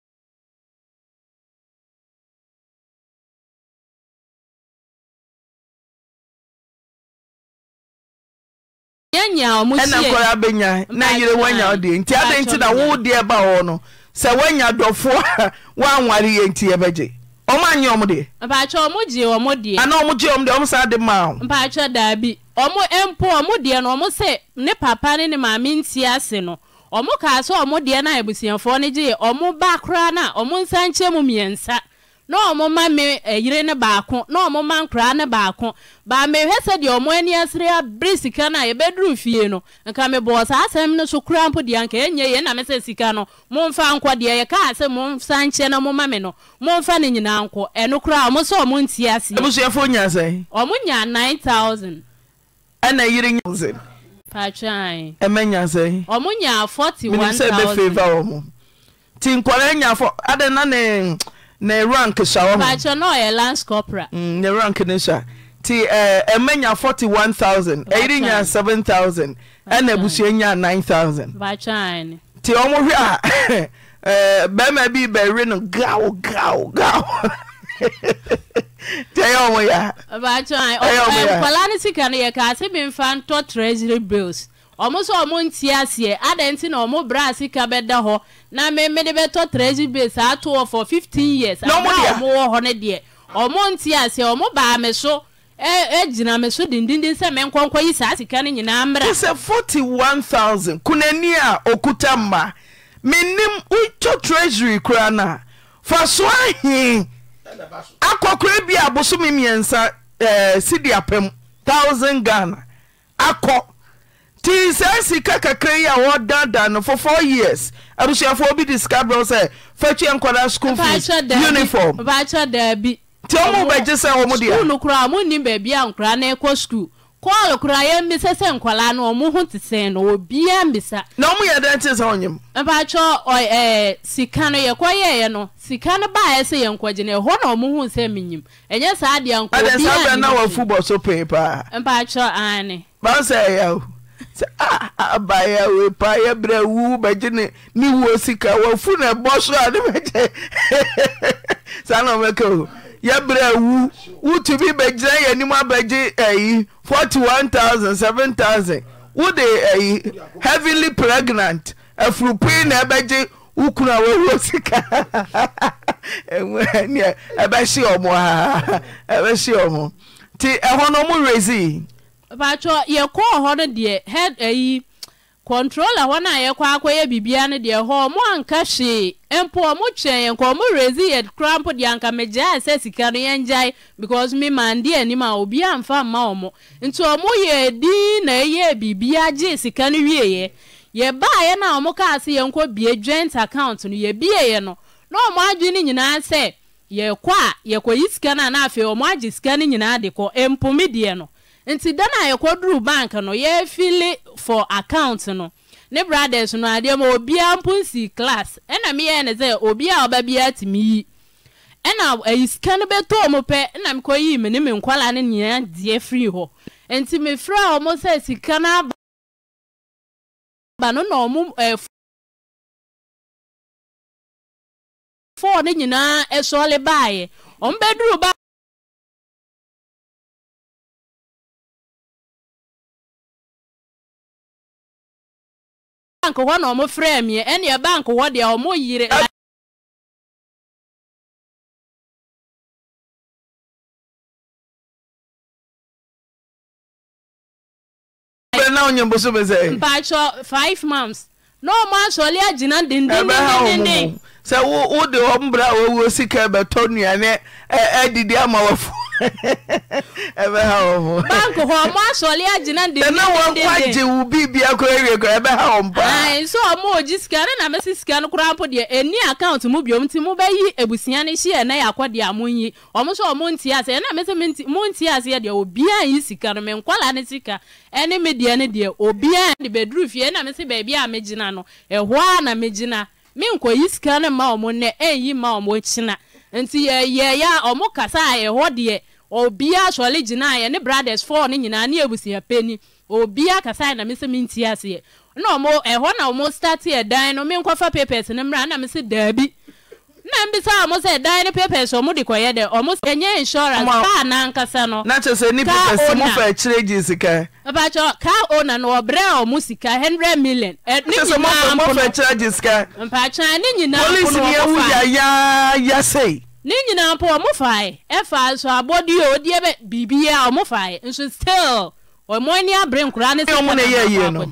wanya ɔmo hyɛ ɛna nkɔla abɛnya na yere wanya ɔde nti adan ti na wo deɛ ba hɔ no sɛ wanya dɔfoɔ a wanware yɛ nti yɛbɛgye ɔmo anyi ɔmo deɛ. mpatsɛ ɔmo gye ɔmo deɛ. ana ɔmo gye ɔmo deɛ ɔmo san de maa o. mpatsɛ daabi ɔmo mpo ɔmo deɛ no ɔmo sɛ ne papa ne ne maame nti ase no ɔmo kaa sɛ ɔmo deɛ na abusuafoɔ no gye ɔmo ba koraa na ɔmo nsa nkyɛn mu mmiɛnsa. na ɔmoma me ayire eh, ne baako na ɔmoma nkoraa ne baako baa mehwɛ sɛdeɛ ɔmo ani asere abere sika no a yɛbɛduru fie no nka mebɔɔ saasɛm no so kora mpo denka yaɛnamsɛ sika no momfa nkɔdeɛ ɛkase mosa nkyɛ no moma me no momfa no nyinaa nkɔ ɛnokora ɔmo sɛ ɔmo nti aseɔmonya 000 na rank so a wɔ hɔ na ɔyɛ lance corporal mm, na rank ne so ti ɛmɛ nya forty one thousand ɛyiri nya seven thousand ɛna abusua nya nine thousand ti wɔn hwɛ a eh, bɛrima bi bɛri no gaw gaw gaw ti ɛyɛ wɔn ya ɛyɛ wɔn ya nkɔla ne sika no yɛ ka ase nfa ntɔ treasury bills wɔn nso wɔn nti aseɛ adanti na wɔn bra sika bɛda hɔ. na mede bɛtɔ tressure ba saa to ɔ fɔ 15 years abmowɔ hɔ ne deɛ ɔmɔ nti a sɛ ɔmo baa me so agyina me so dindindin sɛ menkɔnkɔ yi saa sika ne nyinaa mmra sɛ 41000 konani a ɔkuta mma mennim woto treasuury koraa no a fa so ahee akɔ koraa bi a bo so me mmiɛnsa sidiapɛm 000 ghana akɔ nti saa sika kakra yi a wɔdada no for four years abusuafoɔ bi de sika berɛw sɛ fatua nkɔda school fees uniform nti ɔmo bɛgye sɛ wɔ mo school koraa monni baabi a nkora na ɛkɔ skuul kɔɔl koraa ya sɛ nkɔlaa no ɔmo ho te sɛn no obiaa mmisa na ɔmo yɛ dɛn te sɛ ɔnyim mpakyɛ sika no yɛkɔyɛeɛ no sika no baɛ sɛ yɛnkɔgyene ɛhɔ na ɔmo huu sɛ menyim ɛnyɛ saa deɛ nkɔdɛ saa bɛ na wafu bɔ so pei paa mpakyɛ ane ba sɛ sɛ ah, a abaya wei pa yɛ brɛ wu bɛgye ne ne wuo sika wafu na ɛbɔ so a ne bɛgye saa na ɔmɛka o yɛ brɛ wu wotumi bɛgyina yɛ anim abɛgye ayi forty one thousand seven thousand wode ayi heavily pregnant afurupin na ɛbɛgye wukunu a wawu sika ɛmu ɛni ɛbɛhye ɔmo ha ɛbɛhye ɔmo ti ɛhɔ no ɔmo rezi patro yɛkɔɔ hɔ no deɛ head ayi controller hɔ no a yɛkɔ akɔyɛ biribia no deɛ hɔ ɔmo anka hwee mpo ɔmo kyerɛ yɛn kɔ ɔmo rezi yɛ kora deɛ anka megyae sɛ sika no yɛngyae because me mande anim a obi amfa mma ɔmo nti ɔmo yɛ din na ɛyɛ biribia gye sika no wieɛ yɛbaeɛ no a ɔmo kaa se yɛnkɔ bie joint account no yɛbieɛ no na ɔmo adwene nyinaa sɛ yɛkɔ a yɛkɔyi sika no a na afei ɔmo agye sika no nyinaa de kɔ mpo me deɛ no nti dana a yɛkɔduru bank no yɛfili for account no ne brothers no adeɛ ma obiara mpo nsi class ɛna meyɛɛ ne sɛ obiara ɔba biara tumi yi ɛna ayi sika no bɛtɔ ɔmo pɛ ɛna mekɔ yii me ne me nkwalaa ne nyinaa deɛ firi hɔ nti mefrɛ ɔmo sɛ sika no aba ba no na ɔmo ɛfo fɔɔ ne nyinaa ɛsɔɔle baayɛ ɔmo bɛduru ba bank hɔ na ɔmo frɛ meɛ bank hɔ deɛ ɔmo yire. na eh? five months na ọmụ asọlị agyina sɛ wode hɔ mbra a wɔwuo sika bɛtɔ nnuane adidi ama wɔfo bɛha ndị wɔnkwagye wo birbia koraa wie kora ɛbɛha wɔ mpaso ɔmɔɔgye sika ne na mɛse sika no koraa mpo deɛ ɛni account mu biom nti mobɛyi abusua no hyeɛ na yɛ akɔdeɛ a monyi ɔmo so ɔmo ntie aseɛ ɛna mɛsɛ montie aseɛ deɛ obiaa yi sika no menkwala ne sika ɛne me deɛ deɛ obiaa de bɛduru fie ɛna mɛsɛ baabi a megyina no ɛhɔ a na megyina menkɔ yi sika no ma ɔmo nnɛ ɛnyi ma ɔmo kyina nti eh, yɛyɛ yɛ a ɔmo kasa a ɛhɔ deɛ obiara sɔle gyina yɛ ne brothers four ne nyinaa ne abusua panyin obiara kasa na mesɛ menti aseɛ na ɔmo ɛhɔ na ɔmo start yɛ dan no menkɔfa papers no mmra na mesɛ daabi na mbisa a mo sɛ dan ne papers ɔmo de kɔyɛ dɛ ɔmo sɛ ɛnyɛ insurance kaa n'ankasa no. na kyerɛ sɛ ni papers mo fɛ akyire gye sika. mpatsɔ kaa owner no ɔbrɛ ɔmo sika hundred million. ɛ ne nyinaa mpono mo fɛ akyire gye sika. mpatsɔ ne nyinaa mpono ɔmo fa. polisi ni ewu yaya yase. ne nyinaa mpo ɔmo fae ɛfa nso abɔdeɛ a ɔdeɛ bɛ biribiara ɔmo fae nso still ɔmo ani abere nkura ne sɛ ɔmo na ɛyɛ yie no.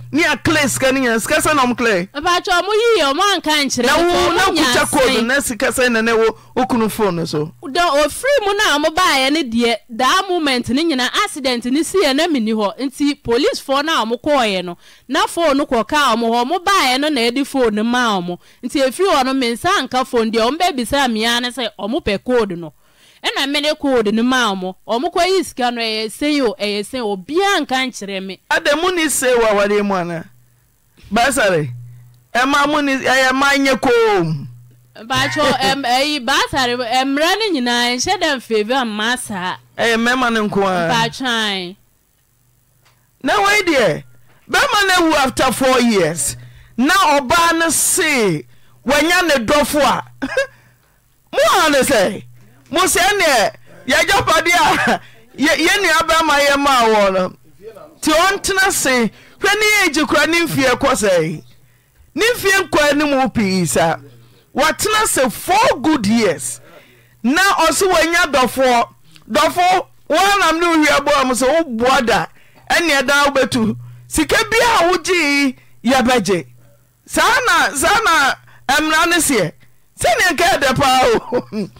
nea klaa sika no nynasikasa nomkla amyi ɔmanka nkyerɛ a codena sikasananɛwɔɔkunu fono soofiri mu no ɔmobaɛ no deɛ daa moment no nyina asidɛnt no siɛ na minni hɔ nti policefoɔ no a ɔmokɔɔɛ no na foe no kɔka ɔ m hɔ ɔmobaɛ no naɛde fon no ma ɔ mo nti firi ɔ no mɛnsa anka fon deɛ ɔmbɛbisa meaa no sɛ ɔmopɛ koode no ɛna mede kɔ ɔ de no maawo mɔ ɔmokɔ yi sika no ɛyɛ seni ɛyɛ sɛni ɔbiara anka nkyerɛ me adɛ mo ne see wadɛ mu ana basare ma nyɛ kombasare mmra no nyinaa nhyɛ dɛ mfevi amasaa yɛmma n nkba na wai deɛ bɛima no awu after fou years na ɔbaa no see wɔanya ne dɔfo a ɛ mo sɛ ɛneɛ yɛagyapadeɛ a yɛ nnuabarima yɛ maa wɔ no nti ɔntena se hwɛ ne yɛ kora ne mfie kɔ sɛe ne mfie nkɔa no mu pii sa watena se four good years na ɔso wanya dɔfoɔ dɔfo woanam ne sɛ woboa da ɛneɛ daa wobɛtu sika wogyee saa na saa na mmara no seɛ sɛneɛ paa o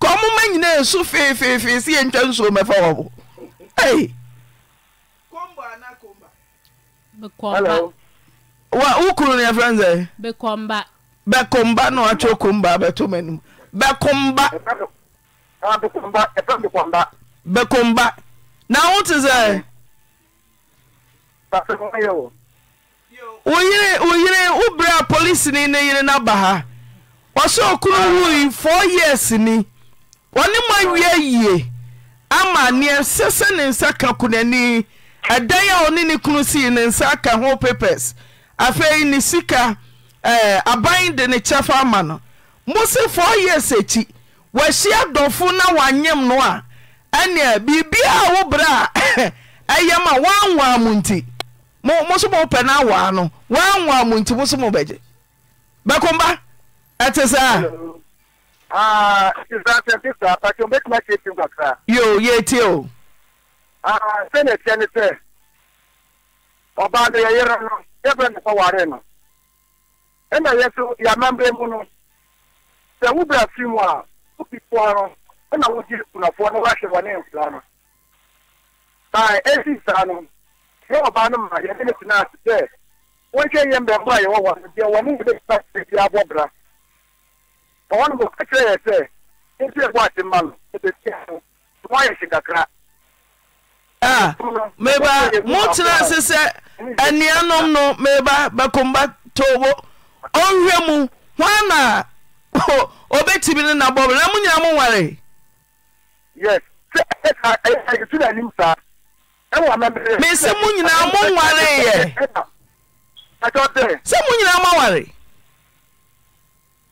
ka ọmụma nyina esu feefeefe si ya ntwa nsuo mmefa ọ bụ wa ukuru ah, na yɛfrɛ n sɛ bɛkomba na watwe komba bɛto m'anim bɛkomba bɛkomba na wote sɛ woyere woyere wobrɛ a polisini ne yere no aba ha wɔsɛ okunu years ni ɔne ma wia yie ama neɛ sɛ sɛ ne nsa ka konani ɛdan a ɔne ne kunu sii ne nsa ka ho papers afei ne sika eh, aban de ne kyerɛfa ama no mo se fɔɔ ye sɛ kyi wɔahyia dɔfo na wanyam no a ɛneɛ biribiaa wo berɛ a ɛyɛ eh, m a wanwaa mo nti mo nso mopɛ ne awaa no wanwaa mo nti mo nso mobɛgye bɛkom a ɛte saa a yo yɛtie o sɛne ɛteɛ ne sɛ ɔbaa no yɛyera no yɛbrɛ ne sɛ ware no ɛna yɛ so yɛamamberɛ mu no sɛ wobrɛ fi mu a wobifoa no ɛna wogye kunafoɔ no woahwɛ wɔne mfra no na ɛsi saa no yɛ ɔbaa no ma yɛde ne tenaa se sɛ wɔnhwɛ yɛ mbrɛmɔ a yɛwɔ wɔ no deɛ wɔne wobɛsa sɛ bi abɔbra meba motena ase sɛ anuanom no meba bɛkɔm ba tɔbɔ ɔwɛ mu ho ana ɔbɛtimi no nnabɔberɛ na monyinaa monwaree me sɛ mo nyinaa mo wareeɛ sɛ mo nyinaa moware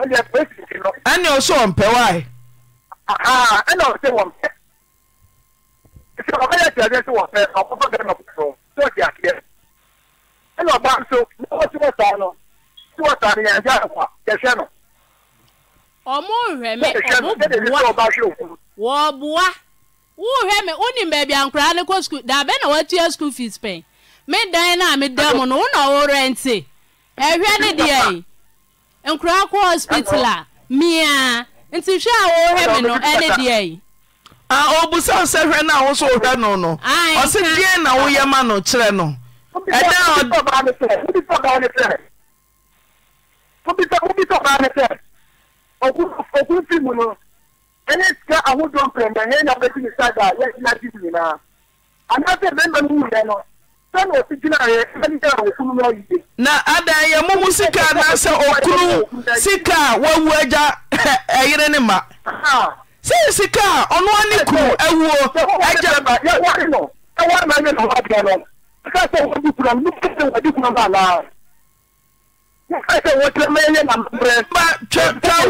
ɛdeɛ president no. ɛne ɔsɛ ɔmpɛ wae. ɛna ɔsɛ wɔmpɛ sɛ ɔbɛyɛ kyerɛdeɛ sɛ wɔmpɛ ɔkɔfɔ bɛrɛ ma kɔkɔrɔ sɛ ɔde aseɛ ɛna ɔba nso na wɔsi wɔ saa no si wɔ saa no yɛn nsa akwa yɛhwɛ no. ɔmo nhwɛ mi ɔmo bua wɔɔboa wohwɛ mi wonim baabi ankoraa ne kɔ sukuu daabɛ na watua school fees pɛn me dan na me dan mu no wo na ɔwɔ rɛnti ɛhwɛ ne deɛ yi nkura kɔ hospital a mia nti hwɛ a wɔrehwɛ mi no ɛne deɛ yi. a ɔbusa sɛ hwɛ na ahosuo hwɛ no no ɔsi deɛ na woyɛ ma no kyerɛ no ɛdɛ ɔdi. wobisɛ ɔbaa ne sɛ ɔku fi mu no ɛne sika ahodoɔ mpɛmpɛ hɛ na wobɛtumi sa da yɛgyina gyi nyinaa anaasɛ bɛrima no wuyɛ no na adɛn yɛ momu sikaa nasɛ ɔkuru sikaa woawu agya ɛyere ne ma sɛ sikaa ɔnoane kuru awuo ɛyabatwa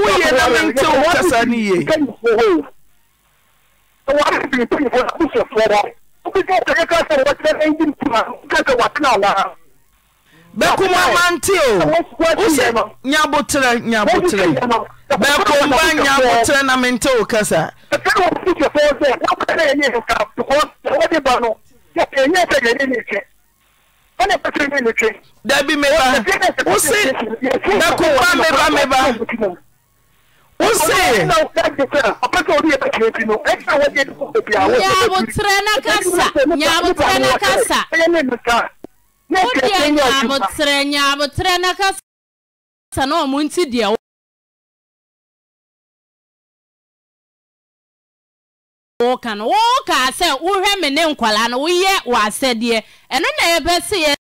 wo ye na menteoasane kukuta kaka sa wata na injin kuma kaka watna wa bɛkum amante o wosɛ nyaboterɛ nyaboterɛ bɛkum ba nyaboterɛ na mente wo kasa dabi meba wose bɛkum ba meba meba r nyaaboterɛ na kasa na ɔ mo nti deɛ wo wooka no wo kaa sɛ wohwɛ me ne nkwara no woyɛ w' asɛdeɛ ɛno na yɛbɛ seyɛ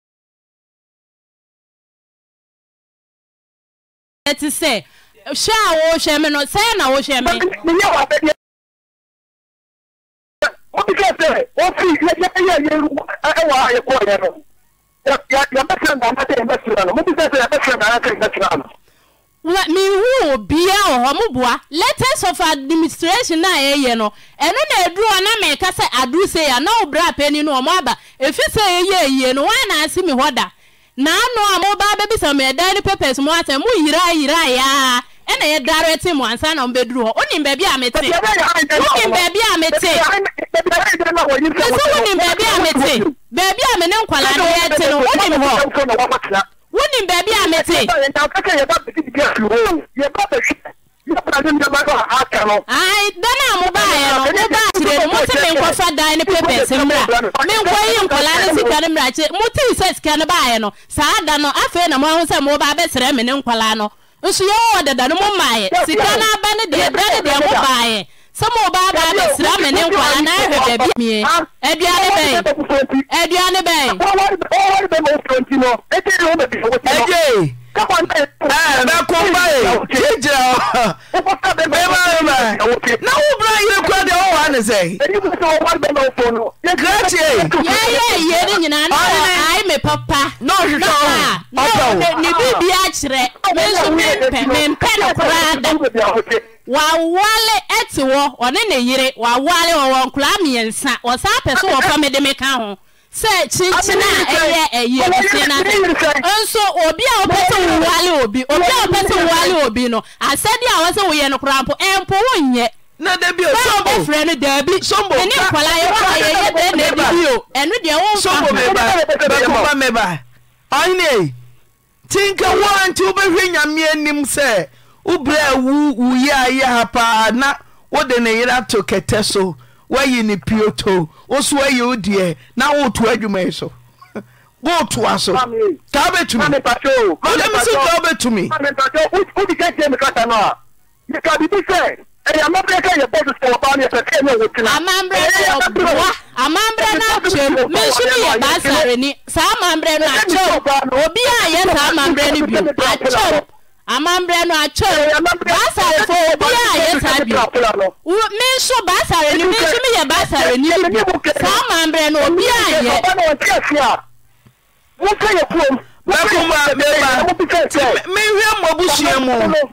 ate sɛ hyɛ a wɔrehyɛ me no sɛɛ na wɔrehyɛ me. wọ́n ti sẹ́sẹ̀ wọ́n letters of administration a ɛyɛ no ɛno na aduru hɔ na mɛka sɛ aduru sɛ yɛ na ɔbra apɛni no ɔmo aba efi sɛ ɛyɛ eyie no wɔn na ase mi hɔ da ɛna yɛ dare te mu ansa na ɔmbɛduru hɔ wonim baabi a mete wonim baabi a mete mese wonim baabi a mete baabi a mene nkwala no yɛte no wonim hɔ wonim baabi a mete ayi dana a mo baayɛ no mo baa kyerɛ no mo ti mi nkɔfa dan ne papers mura mi nkɔ yi nkɔla ne sika ne mura kyerɛ mo ti sɛ sika ne baayɛ no saa da no afei na mo ahosɛ mo ba abɛsrɛ mi ne nkɔla no nso yɛwɔ dada no mo maayɛ sika no aba ne deɛ brɛ ne deɛ mo baayɛ sɛ mo ba ba ba sira me ne nkwa anaa hwɛ baabi mie aduane bɛn aduane bɛn. ɛgye ɛɛ bɛ kó na wọ́n bẹ̀rẹ̀ yẹ ne sɛ kratie yɛyɛ yie ne nyinaa ne wɔ ae me papa na ɔhwehwɛ ɔpɛwo ne biribia akyerɛ me nso mempɛ mempɛ no koraa da wawale ɛte wɔ ɔne ne yere wawale wɔwɔ nkoraa mmiɛnsa wɔsaa pɛ so wɔfa me de me ka ho sɛ kyinkyin a ɛyɛ ɛyɛ ɛsi na de nso obi a ɔpɛ sɛ wowale obi obi a ɔpɛ sɛ wowale obi no asɛdeɛ a wɔsɛ woyɛ no koraa mpo ɛmpo wonyɛ na dabi o sombo báwo bẹfrẹ ni dabi sombo ẹni nkọla yẹ wọn ayẹ yẹ dẹ dabi bi o ẹnu deɛ wọn fa sombo mẹba bẹkọba mẹba ɔyìnbó yi tí nkà wọn ti wọbɛhwɛ nyame anim sɛ wobere a wu wuyi ayé ha paa na wode ne yere ato kɛtɛ so wayi ne pioto woso ayi wo deɛ na wotu adwuma yi so wootoa so kaa bɛtumi madam sɛ kaa bɛtumi. wodi kɛntɛ mi kasa no a mika bibi sɛ ɛyɛ amambrɛ ka yɛ bɔdu sɛ ɔbaa no yɛpɛ sɛ ne wɔtina amambrɛ no ɔboa amambrɛ no akyerɛ mu menso no yɛ baasare ni saa amambrɛ no akyɛw obi a yɛ saa amambrɛ no bio akyɛw amambrɛ no akyɛw baasare fo obi a yɛ saa bio menso baasare ni menso no yɛ baasare ni bi bio saa amambrɛ no obi a yɛ wọ́n kẹ́yẹ̀ kúrò. mẹ́fún mu.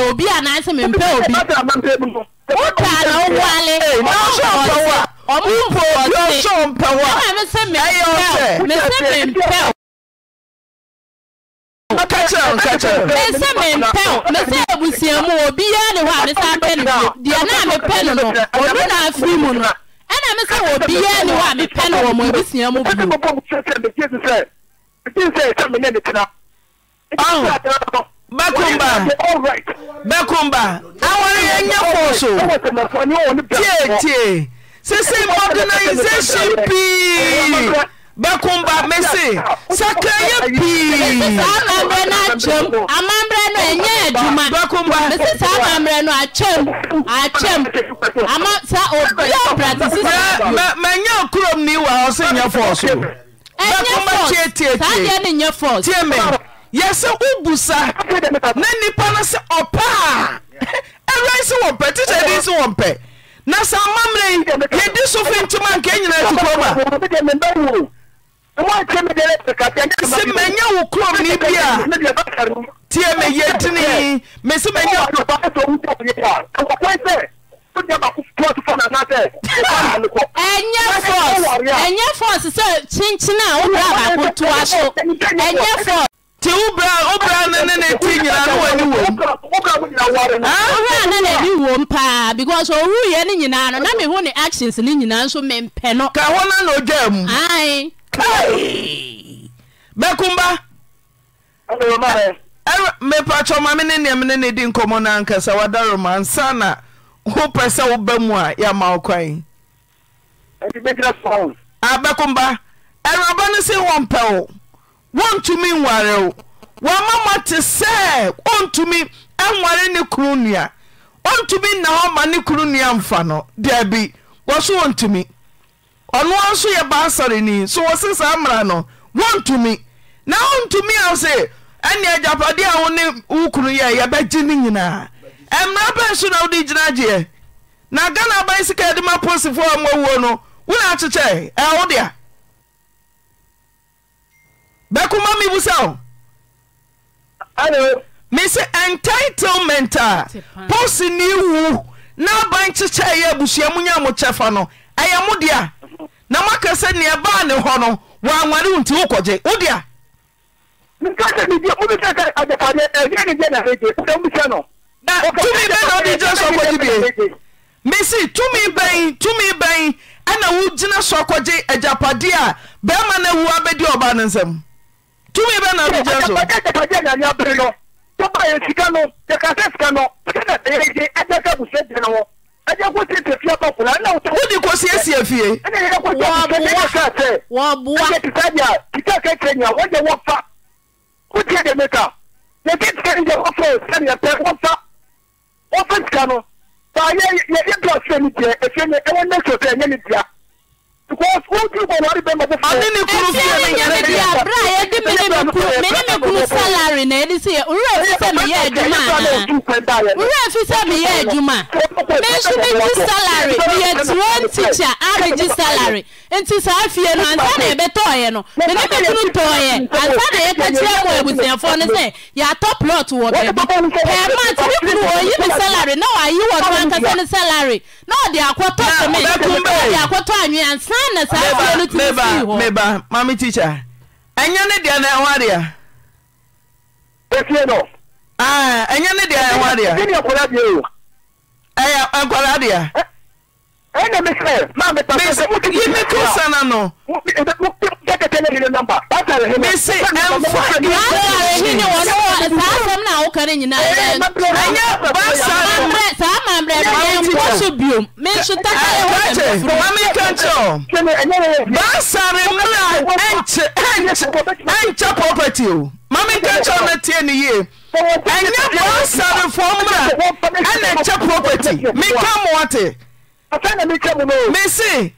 obi anas mempɛbi e mempɛ mesɛ abusea mu obiyara ne hɔ a mesa pɛ ne dea ne mepɛ no no ɔne na afri mu no ɛna me sɛ obiyara ne hɔ a mepɛ ne wɔ mɔ abusia mu bi Bakumba. Bakumba. Àwọn ẹ̀yẹ kọ̀ọ̀sọ̀. Tie tie. Sese modernization pii. Bakumba mese. Sakaya pii. Saa amambrɛ no akyɛm. Amambrɛ no ɛnyɛ adwuma. Bakumba. Mese saa amambrɛ no akyɛm. Akyɛm. Ama saa obi abrate sisan. Mɛ mɛ nyɛ okurom ni wa ɔsi nyɛ fɔɔso. Ɛnyɛ fɔɔso. Bakumba tie tie tie. Saa deɛ ni nyɛ fɔɔso. Tie mɛ yɛsɛ wobu sa na nnipa no sɛ ɔpɛa ɛwurɛi sɛ wɔmpɛ tikyɛ de sɛ wɔmpɛ na sɛ amammerɛ yɛdi so fe ntim anka nyinaa ti a sɛ manya wo kurom ne bi a tie me yɛ dini me sɛ manya ɛnyɛ force ɛnyɛ force sɛ kyinkyin a wopɛ abaako toa so ɛnyɛ force ti na-eti ne na nyinaa no na mehu ne actions ne nyinaa nso mempɛ no ka hɔ na na ɔgyaa mu ae bɛkumba me ne nneɛm ne ne di nkɔmmɔ no ankasa wada roma na wopɛ sɛ woba mu a yɛama wo kwan abɛkumba ah, ɛwuraba no se wɔmpɛ wo wontumi nware wo wɔma mɔte sɛ ɔntumi nware ne koro nua ɔntumi nna hɔ ma ne koro nua mfa no daabi wɔ so wɔntumi ɔnoa nso yɛ baasareni so wɔ saa mmara no wɔntumi na wontumi a se ɛnea agyapadeɛ a wo ne wo yɛ yɛbɛgye ne nyinaa ɛmmara bɛn so na wode gyina gyeɛ na ghana ban sika yɛde ma posifoɔ a mawuo no wona akyekyɛ ɛwo dea bɛkoma mebu sao mesi entitlement a posine wu na aban kyekyɛ ɛyɛ abusuamunya mo kyɛ fa no ɛyɛ modea na moaka sɛ neɛbaa ne hɔ no wo awane wo nti wokɔgye wo deabmesi eh, tumibɛ tumi bɛn ɛna wogyina so akɔgye agyapadeɛ a bɛima no awu a bɛdi ɔbaa ne nsɛm tumi bɛ na abigya so. ɛyɛ kɛkɛ na ni abiri no tɔba yɛ sika no kɛkɛ sɛ sika no sika na ɛyɛ yɛ ɛdɛ sɛ busɛ di no ɛdɛ ko si tɛ fia ba kuna ɛna o tɛ. wodi ko si esie fie. ɛna yɛ ko si esie fie ɛna sɛ sɛ. wɔbuwa ɛna tita nya tita kɛkɛ nya wɔjɛ wɔfa o tiɛ de mi ka yɛ ti tigɛ nya wɔfɛ sani yɛ pɛ wɔfa wɔfɛ sika no ba yɛ yɛ yɛ bila fie ni diɛ efie ni ɛwɔ ne sɔ because who you want to remember before? Ani a bra yẹ di mi ni mi kuru mi ni mi kuru salary na ẹni si yẹ wúrọ̀ ẹ̀fí sẹ́ mi yẹ ẹ̀dùmá náà wúrọ̀ ẹ̀fí sẹ́ mi yẹ ẹ̀dùmá mi salary mi yẹ tiwọn teacher arrange salary no ansa na ẹbẹ tọ ọyẹ no mi ni mi kuru tọ ọyẹ ansa na yẹ kẹkẹ mu ebusuafo ni sẹ yàtọ plot wọ bẹẹbi pẹẹma ti mi kuru oyi salary náà wàá yí wọ tó ankasa ni salary náà ọdi akọtọ sẹmi mami eheynd ddd ɛna mi sɛ maa mi pa sɛ mo ti di mi tu sana no. jẹ́kẹ̀tẹ̀ ní ìlú nọmba bàtà rẹ̀ mi sè ẹnfọ yàrá rẹ̀ ní ni wọ́n sọ sáà fún náà ó kàn nyina ẹ̀ ẹ̀ bàtà rẹ̀ sáà máa bẹ̀rẹ̀ bẹ̀rẹ̀ mbọ́ so bìó mi nsú tata yẹ wọ́n ẹ̀ fún wa mi kàn jọ bàtà rẹ̀ múra ẹ̀nkyẹ́ property o mami kàn jọ na tiẹ̀ ni yie ẹ̀nyẹ́ bàtà rẹ̀ fọ́ múra ẹ̀nà ẹ̀nkyẹ́ property mi kàn mọ́ ọ̀tẹ̀. mese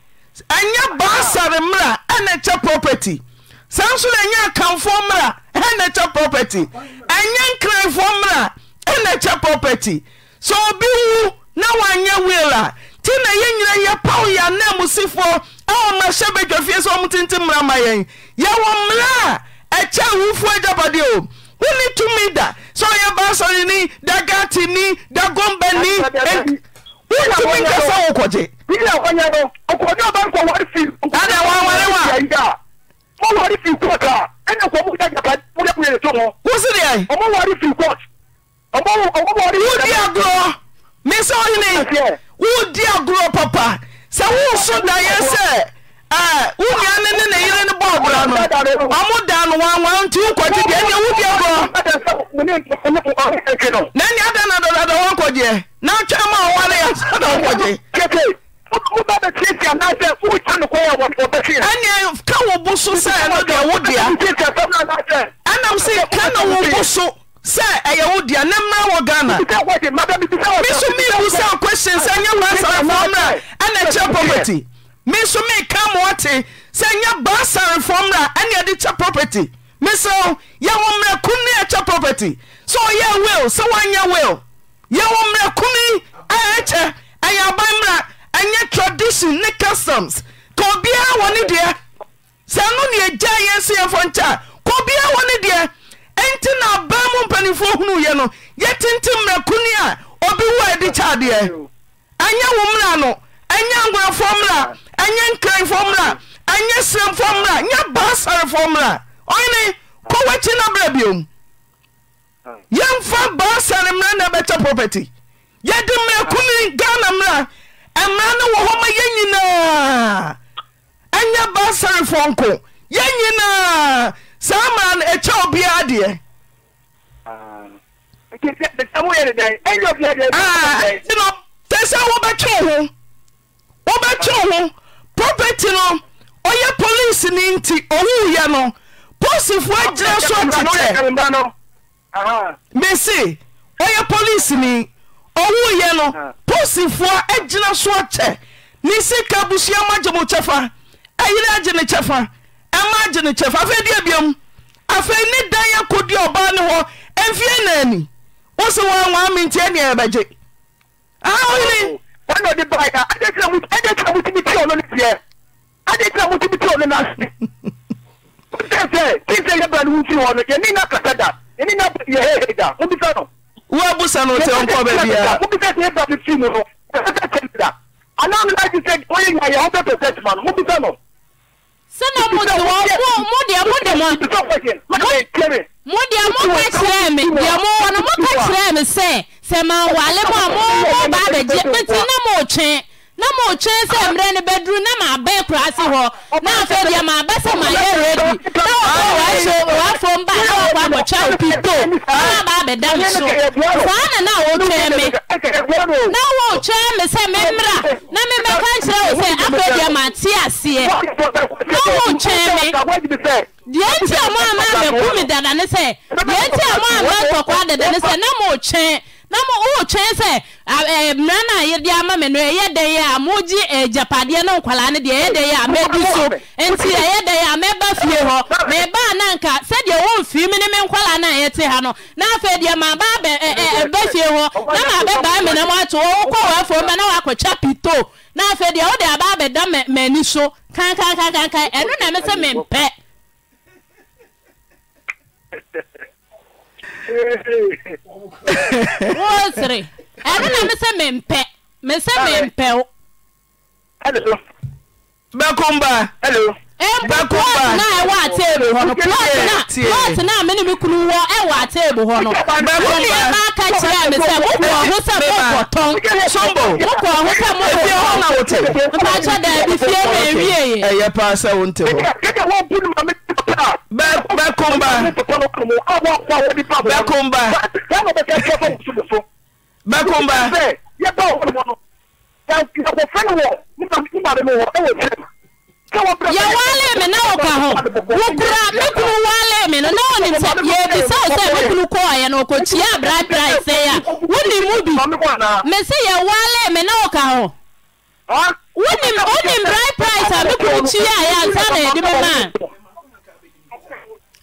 ɛnyɛ basare mmera ɛne ɛkyɛ property sa nso no ɛnyɛ akamfoɔ mmara ɛnɛ ɛkyɛ property ɛnyɛ nkrɛfoɔ mmra nɛ ɛkyɛ property sɛ obi wu na woanyɛ weela nti na yɛnyina yɛ paw yɛane musifoɔ aɔnɔhyɛ bɛtwafie sɛ ɔmtinte mmarama yɛn yɛwo mmera a ɛkyɛ awufoɔ agyabade o wone tumi da sɛ ɔyɛ basareni dagateni dagombani wotumi nkasa wo kɔgye ana wɔaware wa mọwari fi court a ẹnna kò mú jàjà múlẹ̀ kúlẹ̀ lè tó wọn. wọ́n sì dẹ̀. ọmọ wari fi court. ọmọ ọmọ wari. wọ́n di agorɔ mi sọ ọ́ ni wọ́n di agorɔ papa sẹ wọ́n sọ dayẹ sẹ ẹ wọ́n ní ẹni ní ní yẹn ní bọ́ọ̀bù rẹ nù ọmọ dànù wọn wọn ti ń kọjú diẹ ẹni wọ́n di agorɔ. nani adana dọdọ dọwọ kọjú na atwa ma ɔwa ne yɛ sa na ɔbɔgye ɛne ka wo bo so sɛ ɛno deɛ wo dea ɛnam sɛ ka na wo bo so sɛ ɛyɛ wo dea ne mmerɛ wɔ ghana me so mebu sɛ question sɛ nyɛ baasarefoɔ mmerɛ ɛna ɛkyɛ property me so meka ma ɔte sɛ nyɛ baasarefoɔ mmerɛ ɛne ɛde kyɛ property me sɛ yɛwɔ mmerɛ kum ne ɛkyɛ property sɛ ɔyɛ will sɛ woanyɛ will yɛwɔ sne customs kɛ obiara wɔne deɛ sa no degya yɛsoyɛmfɔ nkyɛa kɛobiara wɔne deɛ nti na abaa mɔ mpanimfoɔ hunuɛ no yɛtente mmirakoni a ɔbi wɔ ɛde kyadeɛ anyɛ wommera no ɛyɛ nkorafoɔ mmra yɛ nkranfɔmmra nyɛ serɛmfoɔmmra yɛ baa sarefommra ɔne kɔwɔakyi nabera biom yɛmfa baasaremmera na bɛkyɛ property yɛde mmerakuni ghanammera mmara no wɔ hɔ ma yɛn nyinaa ɛnyɛ basarefoɔ nko yɛn nyinaa saa mmara no ɛkyɛ obiara deɛ te sɛ wobɛtwe wo ho wobɛtwe wo ho property no ɔyɛ polisi no nti ɔwuuyɛ no polisifoɔ agyina so atetɛ mesi ɔyɛ polisi ni ɔwuuyɛ no posifoɔ agyina so akyɛ ne sika busua ma agye mo kyɛfa ayere agye ne kyɛfa ɛma agye ne kyɛfa afei deɛ biom afei ne dan akɔdua ɔbaa ne hɔ ɛmfie na ani wo sɛ wɔawaa mentia nea ɛbɛgye ahene wọn ọdẹ báyìí na adé tí àwọn ẹdẹ tí àwọn tìmí tí ọ̀nà ní tiẹ̀ adé tí àwọn tìmí tí ọ̀nà náà sí. ṣé ṣe kí n ṣe yẹ bẹ̀rẹ̀ ní wúti wọn yẹ ní iná kàtà dà yẹ ní iná yẹ hẹ́hẹ́ dà mo bí fẹ́ràn woabusa no sɛ ɔnkɔ baabiaa sɛnɛ mode wɔ modeɛ mode mo modeɛ moka kyerɛɛ me deɛ mowɔ no moka kyerɛɛ me sɛ sɛ mawale mo a mowɔ baa bɛgye mete na mootwe na ma otwe sɛ mmerɛ no bɛduru na ma abɛn kura se hɔ na afei deɛ ma abɛ sɛ ma yɛ redi na wɔkɔ wɔahyɛ wɔafo mba na wɔkɔ abɔtwa pito na aba abɛda me so saa na na wɔtwɛn me na wɔtwɛn me sɛ memmra na memmɛka nkyerɛ wo sɛ afei deɛ ma te aseɛ na wɔtwɛn me deɛ nti a mo ama mɛku me dada ne sɛ deɛ nti a mo ama tɔkwa dada ne sɛ na mo twɛn mwoekɛn sɛ mmera no yɛde ama mno yɛ da yɛ a mogye gyapadeɛ no nkaa no deɛ yɛ dyɛ amɛdu so nti yɛ da ɛ mɛba fie hɔ mebaa naanka sɛdeɛ womfii m no me nkala no ayɛte ha no na afi deɛ maababa fie hɔ na maabɛba minam ato ɔwokɔ wafom ɛ na wakɔka pito na afi deɛ wode abaabɛda mani so kankanaan ɛno na me se mempɛ wosere ɛno na mesɛ mempɛ mesɛ mempɛwo bɛkom ba mpo plot na ɛwɔ ateebu hɔ no plot na plot na me ne me kunu wɔ ɛwɔ ateebu hɔ no wuli ɛma aka kyerɛ mi sɛ wokɔ ɔho sɛ mokɔ tɔn wokɔ ɔho sɛ mokɔ tɔn mpakyɛ daabi fie ma ewie yɛ. ɛyɛ paa sɛ wo nte hɔ. bɛkomba bɛkomba bɛkomba. yɛ bá wọn fɛn wɔ nípa nípa mi wɔ ɛwɔ fɛn. ywl m nawk hɔ rmkllm nɔnayɛbsɛsɛkayanktaa br priea wonm ob mɛsɛ yaolm na ɔk hɔ nbr pria mkltaayɛs nɛdmmaa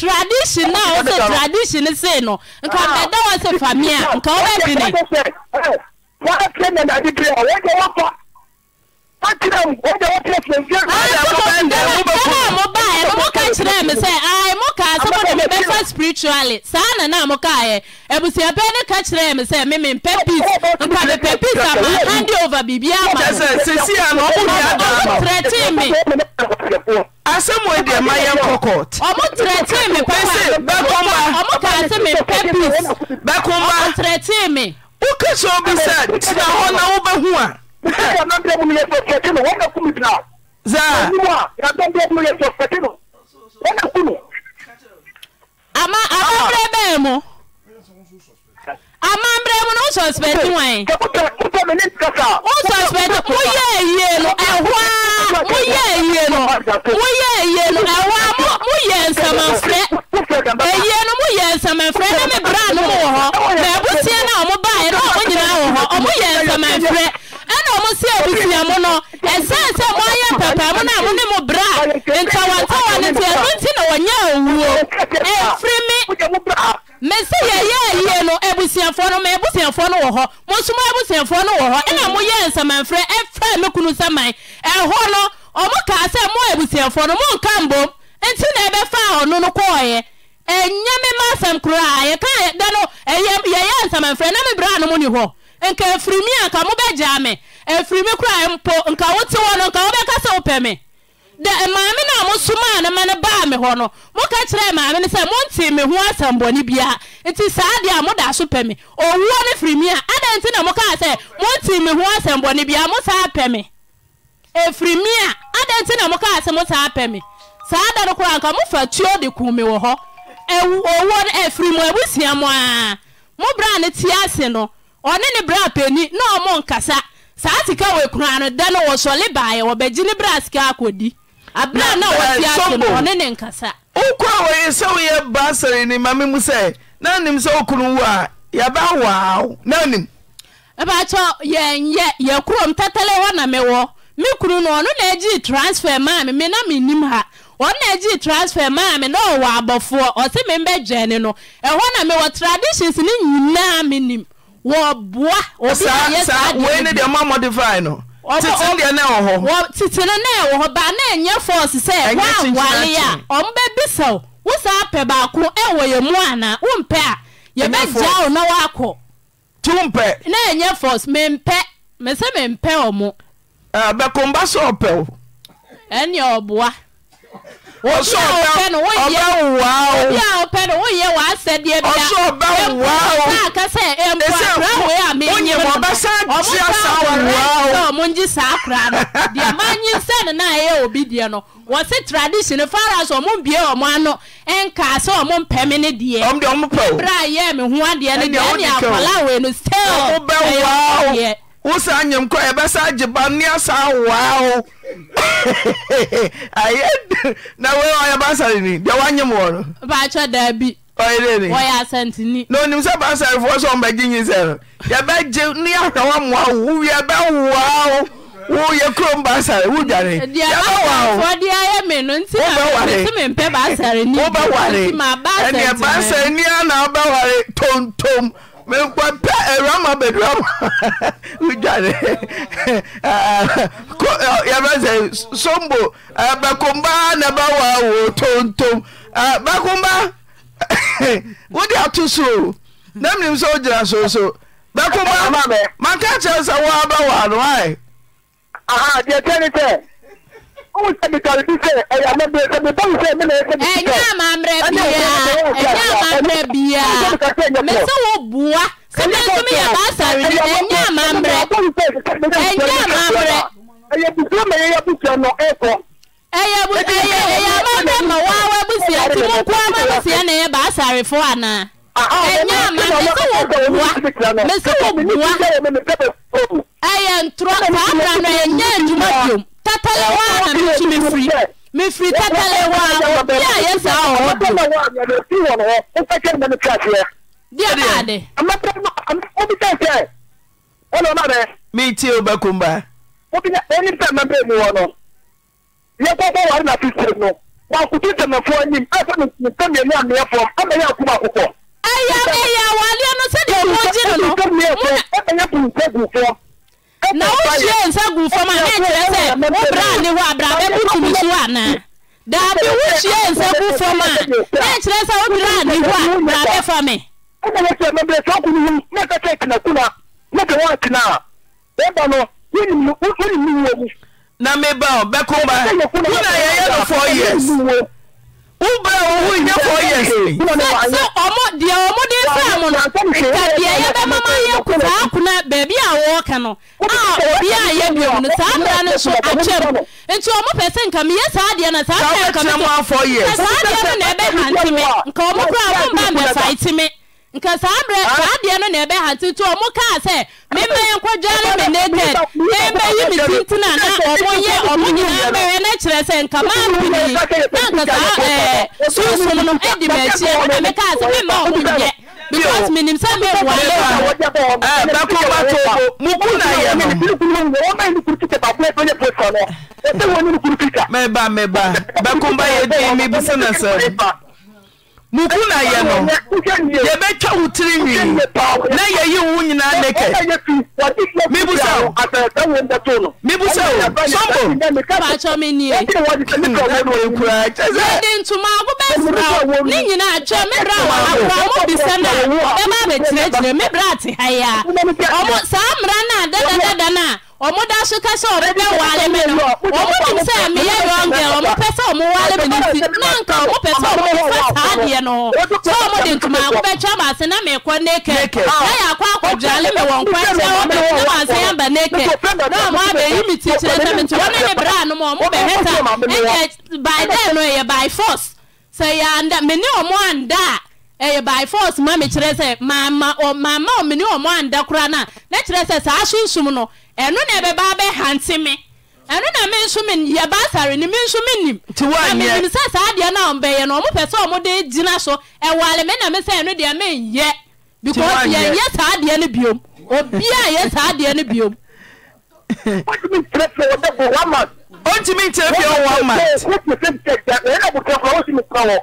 tradition náà ó sè tradition sè no nka bẹ̀dẹ̀ wọ́n sè fàmíà nka wọ́n bẹ̀ bi wọ́n á tẹ́ ẹ̀ nàdí bí i ọ̀ wọ́n fa. mbaɛ moka kyerɛɛ me sɛ ai mo kaa se mo de mebɛfa spirituale saa na na mokaɛ abusiapɛ ne ka kyerɛɛ me sɛ me mempɛ pis mpa mepɛpis amahandover biribia amarɛte me woa ɛ wobsna Mwen yon nan biyab mwen yon sospete nou, wak akoumi bina. Za. Mwen yon nan biyab mwen yon sospete nou, wak akoumi. Ama, ama ah. mbrebe mwen? Ama mbrebe mwen ou sospete mwen? Kouta menin kasa. Ou sospete, mwen ye ye nou, ewa, mwen ye ye nou, mwen ye ye nou, ewa, mwen ye seman fre. E ye nou mwen ye seman fre, ne mi bra nou mwen ho. Ne busiye nou mwen baye nou mwen jina mwen ho, mwen ye seman fre ɛna ɔmo si abusua mu no ɛsan sɛ mo ayɛ pɛpɛ mu na mo ne mo bra ntawantawa ne ti ɛno nti na wɔnyɛ owuo efiri mi mesi yɛyɛ ayie no ebusuafoɔ no mɛ ebusuafoɔ no wɔ hɔ mo nso mo ebusuafoɔ no wɔ hɔ ɛna mo yɛ nsamanfrɛ ɛfrɛ mi kunu saman ɛhɔ no ɔmo kaa sɛ mo ebusuafoɔ no mo nka mbom nti na ɛbɛfa ɔno no kɔɔyɛ ɛnyɛ mi ma asɛm koraa yɛ kaa da no yɛyɛ nsamanfrɛ na mi bra no mo ni hɔ. nke efirimi a nka mobɛgyaa me afirimi koraa mpo nka wote hɔ no nka wobɛka sɛ wopɛ me dɛ maame no a mosomaa no ma no baa me hɔ no moka kyerɛɛ maame no sɛ montee me ho asɛmbɔne biaa nti saa deɛ a moda so pɛ me owuo no firimi a adɛn na mokaa sɛ montee me ho asɛmbɔne biaa mo saa pɛ me afirimi a adɛn na mokaa sɛ mo saa pɛ me saa da no koraa nka fa tuo de ku me wɔ hɔ owuo mu aa mo ase no ɔne ne berɛ apani na ɔmo nkasa saa sika wɔ ekura no da no wɔ sɔle baayɛ wɔbɛgye ne berɛ sika akɔdi abira na wɔte ase no ɔne ne nkasa. nkura wɔyɛ sɛ woyɛ baasɛre ne maame mu sɛ na nim sɛ okunu wu a yaba waaw na nim. ɛbɛtɔ yɛn yɛ yɛ kurom tɛtɛlɛ hɔ na mɛwɔ me kunu no ɔno na egyi transfer maa me na mi nim ha wọn uh, na gye transfer maa mi na ɔwɔ abɔfoɔ ɔsi mi bɛ gyɛn no ɛhɔ na mi wɔ traditions ne nyinaa mi nim wɔboa obiayɛsaa wei ne deɛ ma modify no tete deɛ ne wɔ hɔ tete no na ɛwɔ hɔ ba na ɛnyɛ force sɛ woawale a ɔmbɛbisaw wo saa pɛ baako ɛwɔ yɛ mu anaa wompɛ a yɛbɛgyaa wo na woakɔ nti wompɛ na ɛnyɛ force mempɛ me sɛ mempɛ ɔ mo bɛkomba sɛ ɔpɛwo ɛneɛ ɔboa ọsọ ọba wa o obi a ọpẹ no wọ́n yẹ wàá sẹ díẹ̀ bíà ọsọ ọba wa o ẹ̀mpọ̀ akásẹ̀ ẹ̀mpọ̀ àkùrá wo yẹ àmì ẹ̀yìn mu ọmọ sá ti àṣà wa o ọmọ ń jí sàá kura no diẹ máa ń yí sẹ́ni náà ẹ̀yẹ òbí diẹ no wọ́n sẹ́ tradition fara ọmọ bìí ọmọ ano ẹ̀ǹkà sọ ọmọ mpẹ́mi ni diẹ ọmọ pẹ̀ o ẹ̀bùrẹ̀ ayé mi hu adìẹ ni diẹ ẹni àkọlá wẹ̀ ni sẹ́ẹ̀ ọmọ bẹ̀ wá o. wosa anyim kɔ yɛbɛsa agye banneasa awoa ho ayɛ na wei ɔyɛ basareni deɛ woanyem wɔ no baakyɛ daabi ɔyɛ asɛnteni na onim sɛ sɛ ɔmbɛgye nyi sɛ no yɛbɛgye ne ahwɛ woamoa wo wowie bɛwoa wo woyɛ kurom basare wodwane yɛbɛwarewowowareɛneɛ basareni ana wobɛware tontom paso bɛkomba na bɛwɔa wo totom bɛkoa wode ato soroo na mnim sɛ wogyina soso bɛamaka kyerɛ sɛ woa bɛwoa no ɛ wọ́n sẹ́ mi kàrí bí sẹ́ ẹ̀yà mẹ́bí sẹ́ mi bọ́ọ̀lù sẹ́ mi náà sẹ́ mi sẹ́. ẹ̀yà àmàmìrẹ bíyà ẹ̀yà àmàmìrẹ bíyà mẹ́sẹ̀ wò bùwá sẹ́mi ẹ̀sùn mi yà bá sàrí ni ẹ̀yà àmàmìrẹ ẹ̀yà àmàmìrẹ. ẹ̀yà bùsùn mi ẹ̀yà bùsùn nọ ẹ̀kọ́. ẹ̀yà bùsùn ẹ̀yà àmàmìrẹ mà tatale wa na mi tu mi firi mi firi tatale wa obi a yɛ saa ɔwɔ do. tatale wa na mi fi wɔn hɔ o fɛ kɛ mɛmi kira seɛ. diɛ maa de. ama tɛ ma o bi tɛ sɛ o na ma bɛ. mi ti o bɛ kun ba. o bi na o ma bɛ mi wɔ no yɛ kɔkɔ wari na fi se no wa kutu tɛmɛ fɔ ɛni a fɛ mi mi fɛn mi yɛ mi yɛ fɔ an bɛ yɛ kuma kɔkɔ. ɛyà ɛyà wà á lé ɛnu sɛ de ko jí nínú. ɛyà ɛyà wà á lé na wohyie nsa gu fam a na ɛkyerɛ sɛ wobra ne hɔ abra bɛbotum so ana daabi wohyie nsa gu fam a na ɛkyerɛ sɛ wobra ne hɔ a bra bɛfa me ɛna ne kyerɛ mɛbrɛ sɛ ɔko no hu na ɛsɛ sɛ tenakuna na de wɔn atena a wɔba no wonim no wonim no wɔ mu na meba ɔ bɛko ba wona yɛyɛ no four years wúbẹ owó nyẹ fọ yẹsì sọ ọmọ deɛ ɔmo de fẹ mu no nka deɛ yɛ bɛ mama yɛ saa kuna beebi a wɔɔka no a obi a yɛ biom no saa mmerɛ no nso akyɛm nti ɔmo pɛ sɛ nka meyɛ saa deɛ na saa deɛ nka meyɛ saa deɛ no na ɛbɛ hantimi nka ɔmo kora ɔmo mba mbɛfa itimi nka saa mmerɛ saa adeɛ no na ɛbɛhante nti ɔmo kaa sɛ mema yɛ nkɔgya no me naked ɛbɛyi me tintena na ɔmo yɛ ɔmo nyinaa bɛyɛ no kyerɛ sɛ nka maapini na nka saa sunsum no adi m'akyiɛ mo na mekaa sɛ mema ɔmo nyɛ because minim sɛ mewale bɛko bato muku na yɛ no meba meba bɛko ba yɛ din mebisa na sɛ muku na yɛ no yɛbɛtwa wo tiri nwii na yɛyi wo nyinaa naked mebusa wo mebusa wo somboyɛde ntoma ago bɛsra ne nyinaa kyɛ me bra wɔ akora mo bisa no a bɛba bɛkyerɛkyerɛ me bra ate ha yi a ɔmo saa mmara no a dadadada no a ɔmo da so ka sɛ ɔmo bɛ wale me no ɔmo nim sɛ meyɛ yɔnge ɔmo pɛ sɛ ɔmo wale me no nti na nka ɔmo pɛ sɛ ɔmo fa ta adeɛ no sɛ ɔmo de ntoma akobɛtwa ma ase na mekɔ naked na yɛ akɔ akɔdwale me wɔn kɔ ɛkyɛ wɔ me na wɔn ase yɛn ba naked na ɔmo abɛyi me ti kyerɛ sɛ mete wɔne me bra no ma ɔmo bɛhɛta ɛyɛ by then no ɛyɛ by force sɛ yɛ anda me ne ɔmo anda a ɛyɛ by force ma mi kyerɛ sɛ maama ɔ maama ɔmo ne ɔmo anda kora na ne kyerɛ sɛ saa sunsun no ɛno na ɛbɛba abɛ hante mi ɛno na mi nso mi yɛ baasare ni mi nso mi nim ti wa nyɛ na mi nim sɛ saa deɛ na ɔmbɛyɛ no ɔmo pɛ sɛ ɔmo de gyina so ɛwale mi na mi sɛ ɛno deɛ mi nyɛ because yɛn nyɛ saa deɛ no biom obiara ah, yɛ saa ah, deɛ no biom. o ti mi kyerɛ sɛ o de ko one month. o ti mi kyerɛ sɛ o one kyerɛ sɛ o one month.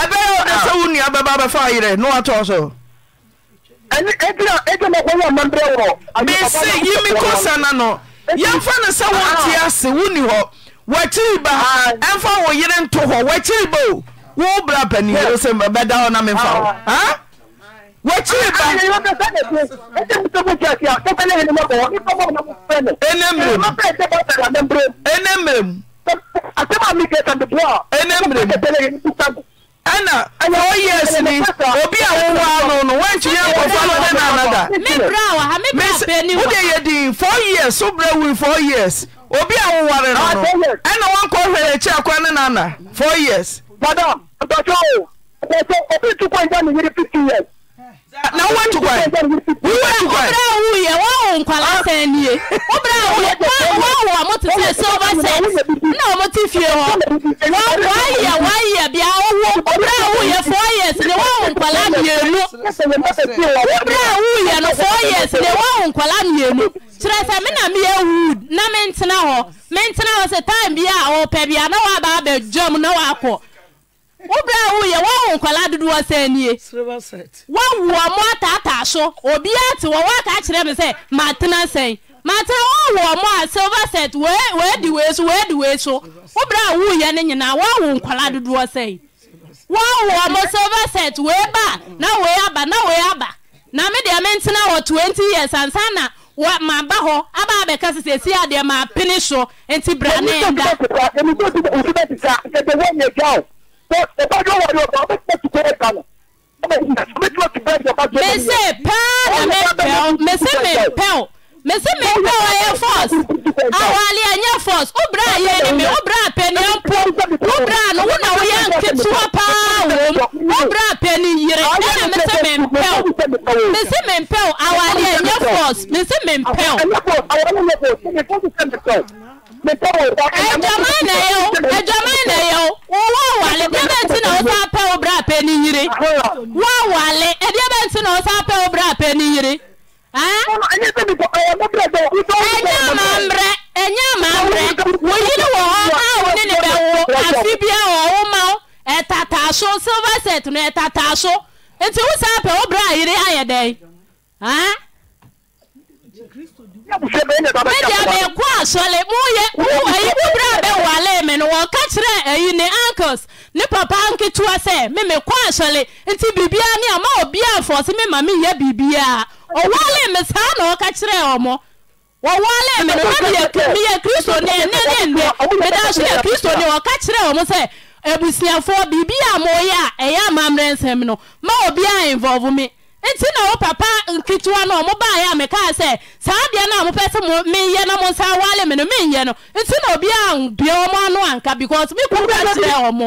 ɛbɛyɛ ɔde sɛ wo nua bɛba bɛfa ayerɛ na watɔ so mese yi me kosa na no yɛmfa no sɛ wonte ase wonni hɔ wakyiri ba ha ɛmfa wo yere nto hɔ wakyiri ba o wo bra paniyere sɛ bɛda hɔ na memfa wo ha wakyiri ba ɛnɛ mmerɛm ɛnɛ mmerɛm ɛna four years ni obi a wowa ano no wɔntumi akɔfa no ne na anada wode yɛ din four years so berɛ wi four years obi a woware no no ɛna wankɔ hwɛrɛ akyi akwa ne na ana four years. madam ntɔso obi tukɔ nja ne yere fifty years na wọn tu kwan wọn tu kwan ọbẹrẹ awu yẹ wọn wọ nkwala ah. sẹn ni yẹ ọbẹrẹ awu yẹ wọn wọ ọmọ ti sẹ silver set na ọmọ ti fie họ wọn wọn yẹ wọn yẹ bia ọwọ ọbẹrẹ awu yẹ four years ni wọn wọ nkwala mmienu ọbẹrẹ awu yẹ no four years ni wọn wọ nkwala mmienu kyerɛ sɛ me na meyɛ wood na mentena hɔ mentena hɔ sɛ time bi a ɔpɛ bia na waaba abɛdwam na waakɔ woberɛ a ya wowo nkwala dodoɔ sɛ nnie woawoa mo ataataa so obiaa te wɔ woaka kyerɛ me sɛ matena sɛn matena woawoɔ ọmụ a silver set wadi wei so wadi wei so woberɛ a woeyɛ ne nyinaa woawo nkwala dodoɔ sɛn woawoɔ ọmụ silver set wei ba na wei aba na wei aba na medeɛ mentena wɔ 20 years ansa na maba hɔ abaa bɛka se sɛsi adeɛ maapene so nti bra ne mese paa na mepɛ mese mempɛu mese mempɛ ayɛfors awaale anya fors wobraa yenime wo braa pɛneampo wobra no wonawoyɛ nketewa paa om wobra pɛne yere na memɛmese mempɛu aw ny s mese mempɛ jaanɛ d ɛ ntnwopɛo rpyer wale da bɛ ntno a pɛwo rapne yerenyaamar oyele awnene o afibia woma ɛtataso selva setno ɛtata so nti wo sapɛ wo braayere ayɛdɛ mɛda mekɔ asɔle ybo berɛ a bɛwale me no wɔka kyerɛ ai ne ankles ne papa nketewa sɛ me mekɔ a sɔle nti biribiaa ne a ma obiaa fɔse me ma menyɛ biribiaa ɔwale me saa na ɔka kyerɛɛ ɔ mɔ ɔwaale me oammeyɛ kristo ne nenenɛ meda so yɛ kristone ɔka kyerɛ ɔ m sɛ abusiafoɔ biribiaa mɔɔyɛ a ɛyɛ amamerɛnsɛm no ma obiaa invl me nti na wo papa nketewa no ɔmo baa yɛ a mekaa sɛ saa deɛ no a mopɛ sɛ mo meyɛ na mo nsa wale me no menyɛ no nti na obi a dua ɔmo ano anka because me kɔkɔ kyerɛ ɔmo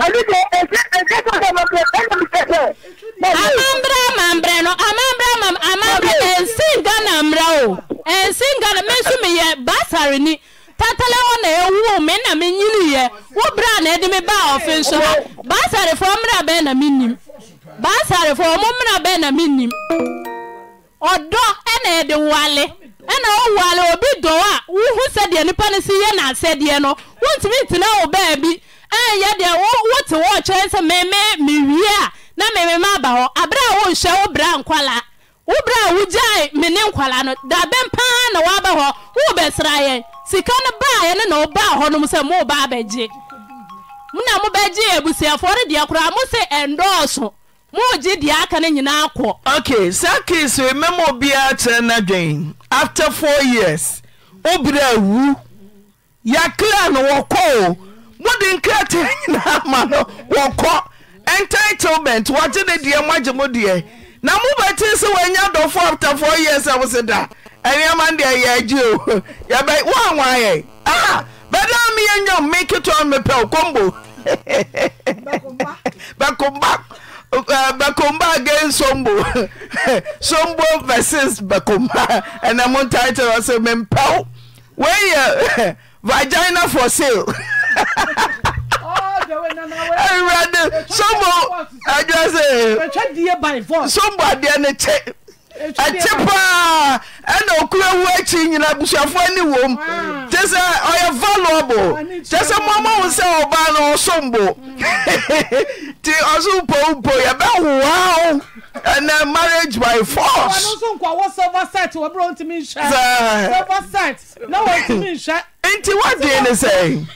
amambrɛ amambrɛ no amambrɛ amam amambrɛ ɛnsi ghana mmerɛ o ɛnsi ghana me nso meyɛ basare ni tatala hɔ na ɛwu o me na menyiniyɛ wo berɛ a na ɛde me baa ɔfe nso ha basarefoɔ mmerɛ bɛɛ na menim baasarefo ɔmo bɛn na mi nim ɔdɔ ɛna ɛde wale ɛna ɔwale obi dɔw a wohu sɛdeɛ nipa ne si yɛ n'asɛdeɛ no wontumi tena wo baabi ɛnyɛ deɛ wo wote wɔ ɔkyerɛ sɛ mɛmɛ a na mɛmɛ ma aba hɔ abere a wonhyɛ nkwala wo a nkwala no paa na waba hɔ yɛn sika no na ɔbaa sɛ abɛgye na abusuafoɔ no deɛ koraa mo sɛ ɛndɔɔso sa kei s mema ɔbiara kyerɛ no dwen after f years wobirɛ awu yɛkraa no wɔkɔo modenkra taa nyinaa ama no wɔkɔ entitlement wɔgye ne deɛ moagye mo deɛ na mobɛti sɛ wanya dɔfoɔ afte 4 yeas ɛ wo se da ɛneɛma n de yɛ agyeo ah! ɛɛ woawaɛ bɛdaa meyɛnyameketɔn mepɛo kɔbo bɛkoa Eh, bakom ba agan sombo sombo vesins bakomba ɛnɛmotitɔsɛ mempaw wei yɛ virgina forsilwrade sombo a sombo adeɛ ne kyɛ ɛkyi paa ɛna okura wu akyi nyina abusuafoɔ ani wom te sɛ ɔyɛ valuable te sɛ mɔmɔ wo sɛ ɔbaa no ɔsombo nti mm. ɔso mpompo yɛbɛhoa wo ɛnɛ marriage by force. wọn nso nkwa wọ silver set wọ bro ntumi nhyɛ silver set na wọ ntumi nhyɛ. nti wọ́n di ni sẹ́yìn.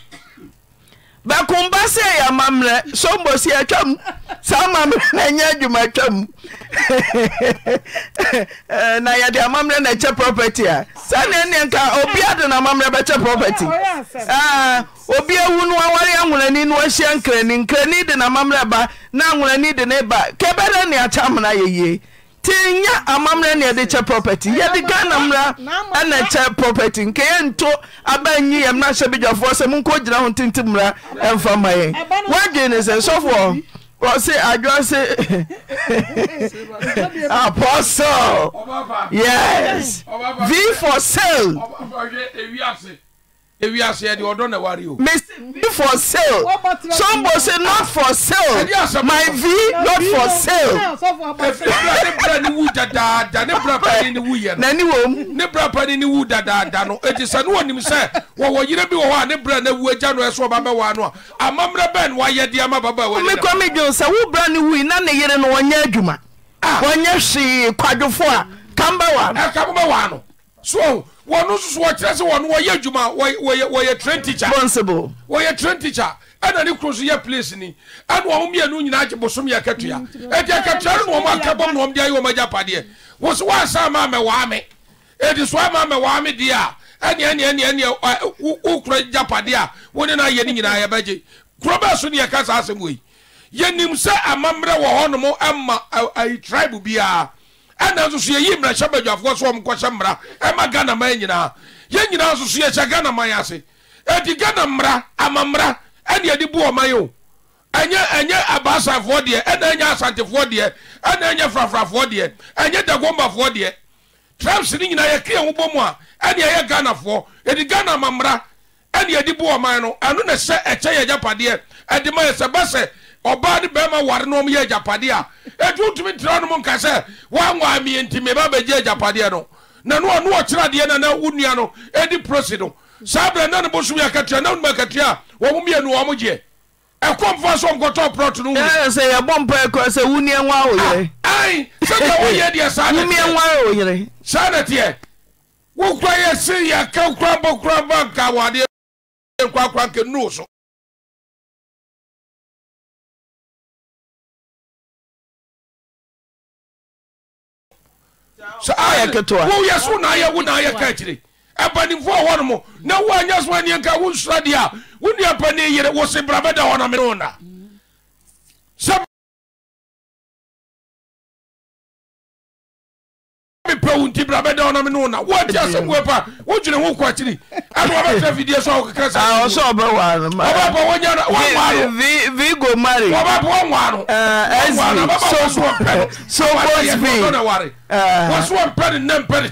bɛkom ba sɛɛ yɛ amamerɛ sombosie twa mu sa amamerɛ na ɛnyɛ adwuma twa mu na yɛde amamerɛ na ɛkyɛ property a saneɛ neɛ ka obia de no mamerɛ bɛkyɛ property obia hu noa ware awerani no wahia nkrani nkrani de na amamerɛ ba na awerani de ne ba kɛ bɛdɛ neakyɛ amena yɛyie tinya amammera ne ɛde kyɛ property yɛde ka nammra ɛnɛ ɛkyɛ property nkɛ yɛ nto aba nnyi yɛ merahyɛ bidwafoɔ sɛ monkɔ gyina ho tinti mera ɛmfa ma yɛn woadwie ne sɛ sɔfo ɔ se adwoase apostle yes vfo sell ewiase yɛ de ɔdɔ na wari o. mr v for sale sombo say not for sale my v not for sale. ne bra ni wu dadaada ne bra pani ni wu yɛ no. nani wɔm. ne bra pani ni wu dadaada no eti sɛ ne wɔnim sɛ wɔwɔ yire bi wɔ hɔ a ne bra ne wu egya no ɛso ɔba bɛ wɔ ano a amammerɛ bɛn wayɛ di ama baba wɔ ne da. omikɔ mi dun sɛ wo bra ni wu yi na ne yere no wɔnyɛ adwuma. wɔnyɛ hwee kwadwofo a kamba wa. ɛ kamba wa no so wɔn nso wɔkyerɛ sɛ wɔn wɔyɛ adwuma wɔyɛ wɔyɛ train teacher responsible wɔyɛ train teacher ɛna ne kuro so yɛ place ni ɛna wɔn mmienu nyinaa gye bosom yɛ akatua ɛdi akatua no wɔn aka bɔm na wɔn de ayi wɔn agya padeɛ wɔso wɔasa ama ama wɔ ame ɛdi so ama ama wɔ ame deɛ a ɛni ɛni ɛni ɛni ɛ wokura agya padeɛ a wɔn ne n'ayɛ ne nyinaa yɛ kuro bɛɛ so ne yɛ kasa asɛm wɔ yɛnim sɛ amammerɛ wɔ hɔnom ɛma ayi tribe biara ɛna nso so yɛyii mrɛhyɛbadwafoɔ so kyɛmra ma hanaman nyinaa yɛ nyinaa nso so yɛhyɛ hana man ase ɛdi ghana mmara amammra nedi boɔ man o yɛ abasafoɔ deɛ yɛasantefoɛɛ frafraoɛɛ afoɔ deɛ trams no nyinaa yɛkeɛ wobɔ mu a neyɛ hanafoɔ ɛdihana amara ned boɔ man no ɛnone sɛ ɛkyɛ yɛgyapadeɛ ɛde ma yɛsɛ bɛ sɛ ɔbaa ne barima ware no ɔm yɛ agyapadeɛ a ɛtu wontumi tra no mu nka sɛ woawwaa miɛnti mmima bɛgye agyapadeɛ no nanno wɔkyerɛ deɛ na na wo nnua no e di prosy no saa berɛ nano bosomia aka tua na onum akatua a wɔ mo mmianuɔ m gyeɛ ɛko mfa sɛ ɔnkɔtɔprɔto no sɛ yɛbɔ mpɛɛkɔa sɛ wo nia wa oyerɛ ah, sɛdɛ woyɛ deɛ si oyer saa na teɛ wo kora yɛ se yaka koran kra bakawdeɛkrakora kɛn so oyɛ so won wonyɛ kakyiri apanimfo hɔne mo na woa nyasoma aneɛka wosa dea wone apani yere wo se brabɛda honamneona woti brabɛdaonam ne ona wodi asɛbɛ pa wodene wokwakiri anwabɛtɛ fidie so awokekasa ah, ware wo sowo mpɛn nɛ mpɛn k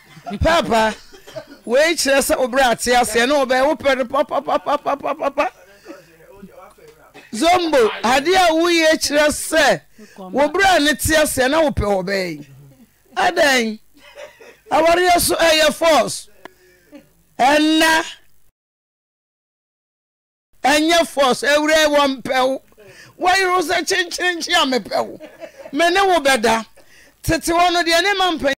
papa wei kyerɛ sɛ wobrɛ ate aseɛ ne wobɛɛ wopɛ no papapapapapa zombo adeɛ a woyɛ kyerɛ sɛ wobrɛ a ne te aseɛ na wopɛ wɔbɛɛ adɛn awareɛ so ɛyɛ force ɛna ɛnyɛ force ɛwurɛ wɔ mpɛwo wɔyere wo sɛ kyenkyerenkye a mepɛwo me ne wo bɛda tete hɔ no deɛ ne ma mpanyin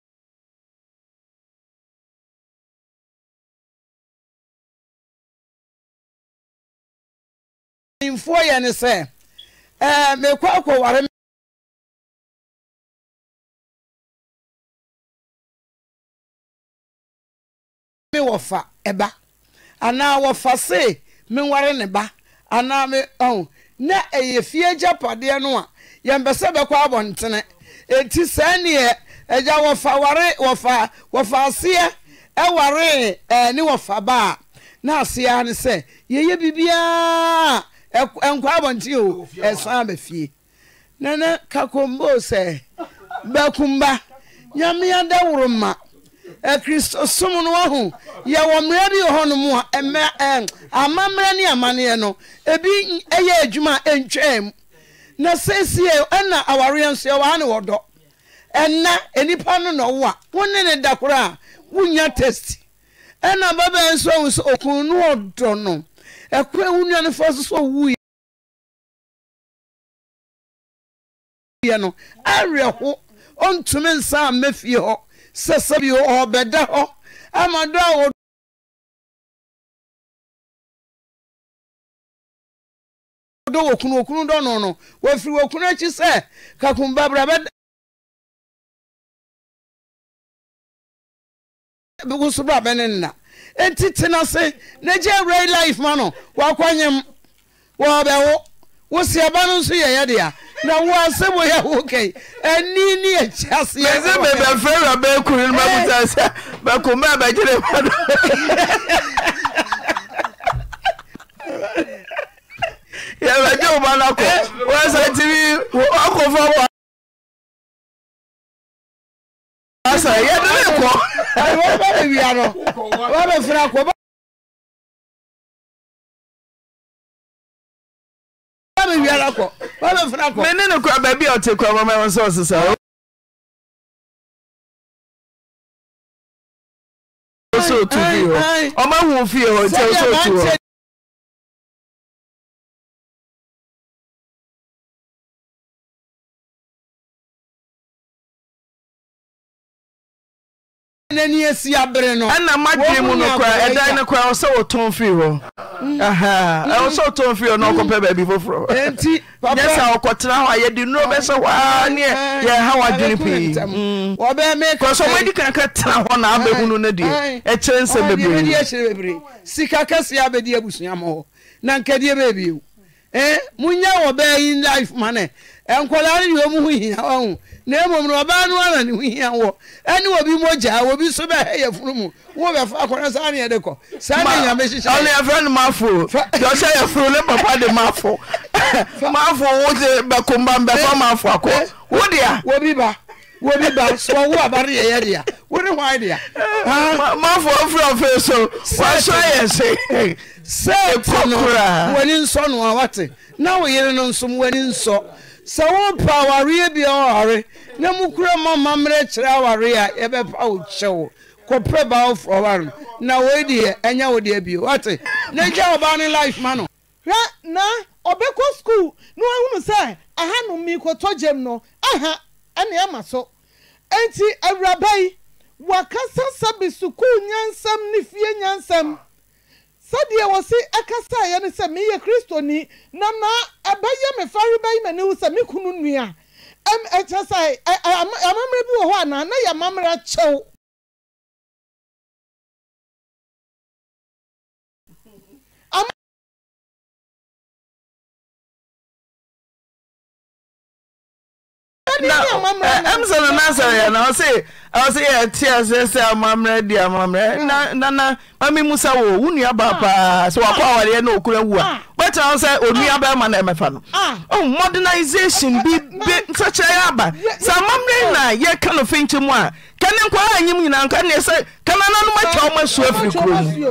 mpanimfoɔ yɛ ne sɛ mekɔ akɔware me ya ɛba anaa se ne ba anaa ɔn na ɛyɛ fie gyapadeɛ no a yɛmpɛ sɛ bɛkɔ abɔntene eti saa neɛ ɛgya wɔfa ware wɔfa wɔfa aseɛ ɛware ɛɛ ne wɔfa baa na aseɛ ne sɛ yɛyɛ ɛnkɔ abɔnten o ɛsan aba fie nana kakombo sɛ bɛkumba nyamea da woro ma akristosom no wahu yɛwɔ mmerɛ bi wɔ hɔ no mu a ɛmɛ amammerɛ ne amanneɛ no ebi ɛyɛ adwuma a mu na seesie ɛna awareɛ nso yɛwɔ ha ne wɔdɔ ɛna enipa no na ɔwɔ a wone ne da koro a wonya test ɛna babɛn nso ahu sɛ okun no ɔdɔ no ɛkwan wo nuanefoɔ so so owuiɛ no awerɛho ɔntumi nsa amma fie hɔ sɛ sɛ bio ɔbɛda hɔ ama dɔ a wɔ dɔ wɔ kunu okunu no no wɔfiri wɔ kunu akyi sɛ kakumbabra bɛ wosobra bɛ ne eti tena se na gye awurai life ma no wakɔnyem wɔbɛwo wosiaba no nso yɛyɛ dea na wo asɛm yɛ wokɛi ani ne akyi aseɛ ɛsɛ mebɛfrɛ wura bɛkuru no mabuta eh. sɛ bɛkomba a bɛgyere ma no ba. wo ma no akɔ eh. wɔsɛ timi wakɔfa asa yɛ de ne kɔ. ayiwa bɛ de wia no wa bɛ fira kɔ. wa bɛ wia la kɔ wa a ti kura mama ɛwɔ sɔɔ sisan. tu bi o ɔmɔ hun fi o ti o so tu o. n'ani asi abere no. ɛna magye mu no kora ɛdan no kora ɔsɛ ɔtɔn firi hɔ mm. Mm. ɔsɛ ɔtɔn firi hɔ na ɔkɔpɛ baabi foforɔ nyɛ sɛ ɔkɔtena hɔ a yɛde nnuro bɛsɛ hɔ a ne yɛha wadwene pii mm. kɔ sɛ ɔmadi kanka tena hɔ na abɛhunu no deɛ ɛkyerɛ nsɛm bebree sika kɛseɛ abɛdi abusua ma hɔ na nkadeɛ bɛɛbio munya wɔ bɛɛ yi life mane. ne nkɔlaa no yɛ ɔmu ho hia ɔhu na mmom na ɔbaa no ara ne ho hia wɔ ɛne obi mogyaa obi so bɛhɛ yɛ funu mu wo bɛfa akɔna saa ne yɛde kɔ saa ne hyehyɛ ɔne yɛfrɛ no mafo yɛfuru ne papa de mafo mafo wo de bɛkomba mbɛfa eh, mafo akɔ eh, wo dea wobi ba wobi ba wo aba yɛyɛ dea wo ne hwan dea mafo so yɛ se sɛ w'ani nsɔ no a wate na wo yere no nso w'ani nsɔ sɛ woepɛ awareɛ bia na mukura ma mammerɛ kyerɛ awareɛ a yɛbɛpa wo kyɛ wo kɔprɛ ba wo no na wei deɛ ɛnyɛ wo deɛ bio wate na gya ɔbaa ne life ma no hwɛ na ɔbɛkɔ skuul na wahunu sɛ aha no mikɔtɔ gyam no aha ɛne ɛma so enti awuraba yi wakasa sɛ sukuu sɛdeɛ wɔsi ɛkasa yɛ no sɛ meyɛ kristoni na ma ɛbɛyɛ me fari bɛyi mɛ ne ho sɛ me kunu nua ɛkyɛ sɛ amammerɛ bi wɔ hɔ anaa na yɛ amammerɛ kyɛw. emsona na asara ya eh, na ɔse ɔse yɛ te asɛ sɛ amammerɛ de amammerɛ nana mame mu sa wo wo nuabaa paa sɛ wakɔ awareɛ na ɔkura wu a wobɛtena wo sɛ onuabaa ah. ma na ɛmɛfa no ah. oh, modernization ah, bi nsɛkyerɛ aba sɛ amammerɛ na yɛka no fenkyɛ mu a kɛne nkwa a nyim nyinaa nka neɛ sɛ kanananom atwa woma sua firi kuro mu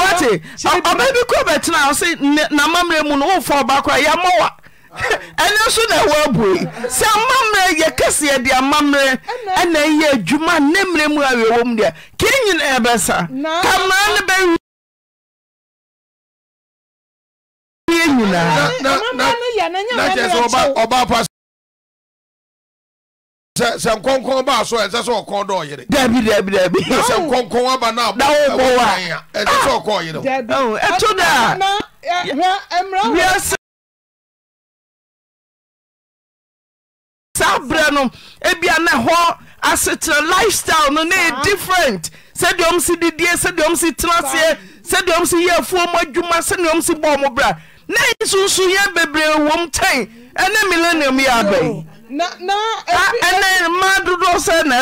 wate ɔbaa bi kɔ bɛtena wo se na mu no wofa ɔbaa koraa yɛamɔ ɛno nso na ɛwɔ abue sɛ amammerɛ yɛ kɛseɛ de amammerɛ ɛna ɛyɛ adwuma ne mmerɛ mu awiɛwɔ mu deɛ ke nyina ɛbɛsa kamaa no bɛwie nyinaa sɛ nkɔnkɔn ba so ɛsɛ sɛ ɔkɔn dɔ ɔyere. dabi dabi dabi. sɛ nkɔnkɔn aba na abo ɛwɔ kwan ya ɛsɛ sɛ ɔkɔn ɔyere. ɛtu da. wiase. saa berɛ no bia na ɛhɔ asetera life style no ne ɛ ah. different sɛde ɔm se didie sɛdeɛɔm se tena aseɛ sɛdeɔm si yi afuɔ mu adwuma sɛdeɔm si bɔɔ mo bera ne sunsu yɛ bebrewɔ m tɛn ɛnɛ mmenanemu yɛ abɛnɛma adodoɔɔ ah, sɛ naɛdɔmadodoɔsɛn ah,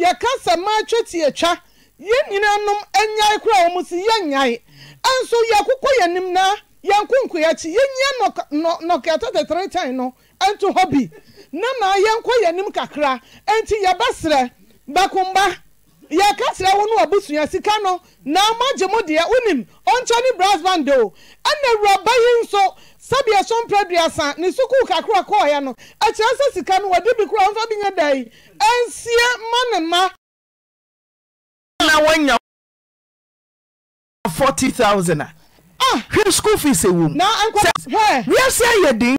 yɛka sɛ maatwe te atwa yɛn nyinaanom nyae koraa wɔn si yɛnyae nso yɛkokɔ yɛn nim na yɛnkonko akyi yɛnyia nɔkɛtɛ tɛtɛrɛtɛn no nto hɔ bi na na yɛnkɔ yɛn nim kakra nti yɛbɛsrɛ bakomba yɛka kyerɛ wo no wabusua sika no na magye mu deɛ wonim ɔnkyɛ ne brasband o ɛna awuraba yi nso sɛdeɛ so mpɛ duasa ne sukuu kakora kɔɔeɛ no ɛkyerɛ sɛ sika no wɔde bi kora ɔmfa bi nyɛ da yi ɛnsie ma ne ma na wanya 40000 a hwɛ school fees ɛwom sɛ wiase ayɛ den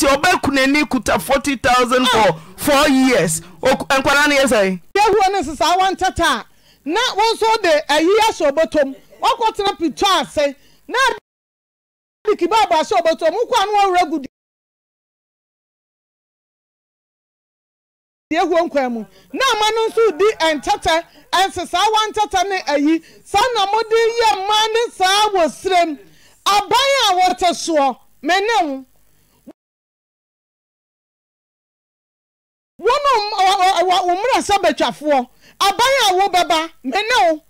nti ɔbɛku kuta 40000 for 4 years nkwara no yɛ sɛe yɛhoɔ no sesaa ntata a na wo nso de ayi ahyɛ ɔbɔtɔm wakɔtena pitɔ ase na biki baabɔ a no wɔwerɛ mu na ama no nso di ne ayi saa na mmaa ne saa wɔ aban a wɔte soɔ mene wɔn a wɔn mmerɛsɛ bɛtwafoɔ aban a wɔbɛba nene o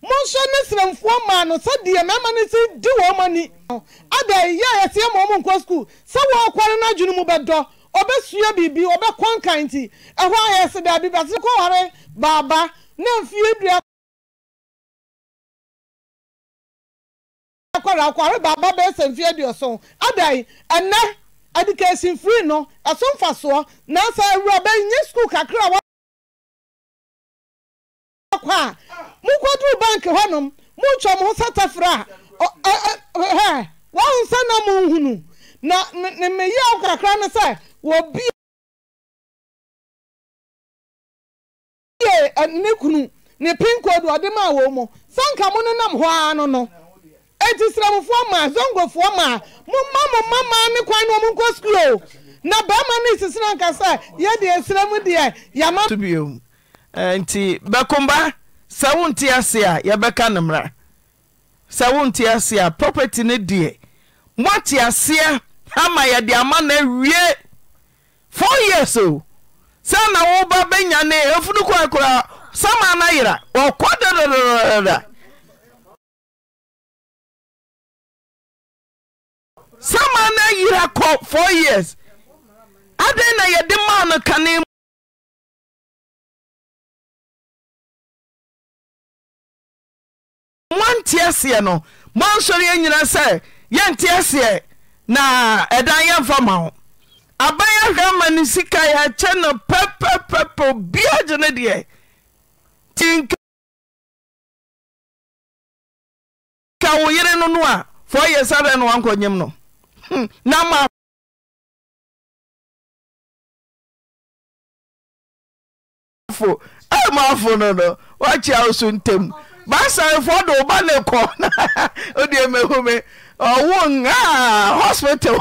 mo nso ne srɛmfoɔ maa no sɛdeɛ mmarima no si di wɔn mo ani ada yi a yɛsɛ ma wɔn nkɔ sukuu sɛ wɔɔkɔre n'adwene mu bɛdɔ ɔbɛsua biribi ɔbɛkɔ nkan ti ɛhɔ a yɛsɛ daabi bɛsɛ kɔware baaba ne mfie dua. akɔre akɔre baaba bɛyɛ sɛ mfie aduɔson ada yi ɛnɛ. aducation fri no ɛso mfasoɔ nansa awura a bɛnyɛ skuul kakra a kɔ a mokwadru bank hɔnom monkwɛ mo ho sɛta frɛ a woho nsa na monhunu na ne meyɛ wokrakra no sɛ wɔbie ne kunu ne pinkode ɔde ma a wɔ mu sanka mo no nam hɔ ara no no nti serɛmofoɔ mangofoɔ maa moomamane kwan nemnkskuo na bama ne sisera nkasɛ yɛdeɛ srɛm deɛnbkoa sawontiase yɛɛka nemra sɛwontiasea propety no deɛ moatiasea ama yɛde amana wie foye so sana woba bɛyane funo kwa kora samanayera kɔ d sɛma na yira kɔ fou years adɛn na yɛde maa no kane moanteɛ seɛ no moansɔre yɛnnyina sɛ yɛ nteɛ seɛ na ɛdan yɛmfa ma wo abayɛaha ma ne sika yɛakyɛ no pɛpɛpɛpɛ bia gye ne deɛ ti ka wo yere no no a fou years adan no wankɔnm no Hmm, na ma afọ ama eh, afọ nọ nọ wachi awụsụ ntem gbasara ụfọdụ ụba na-ekọ ụdị emehome ọwụ nga hospital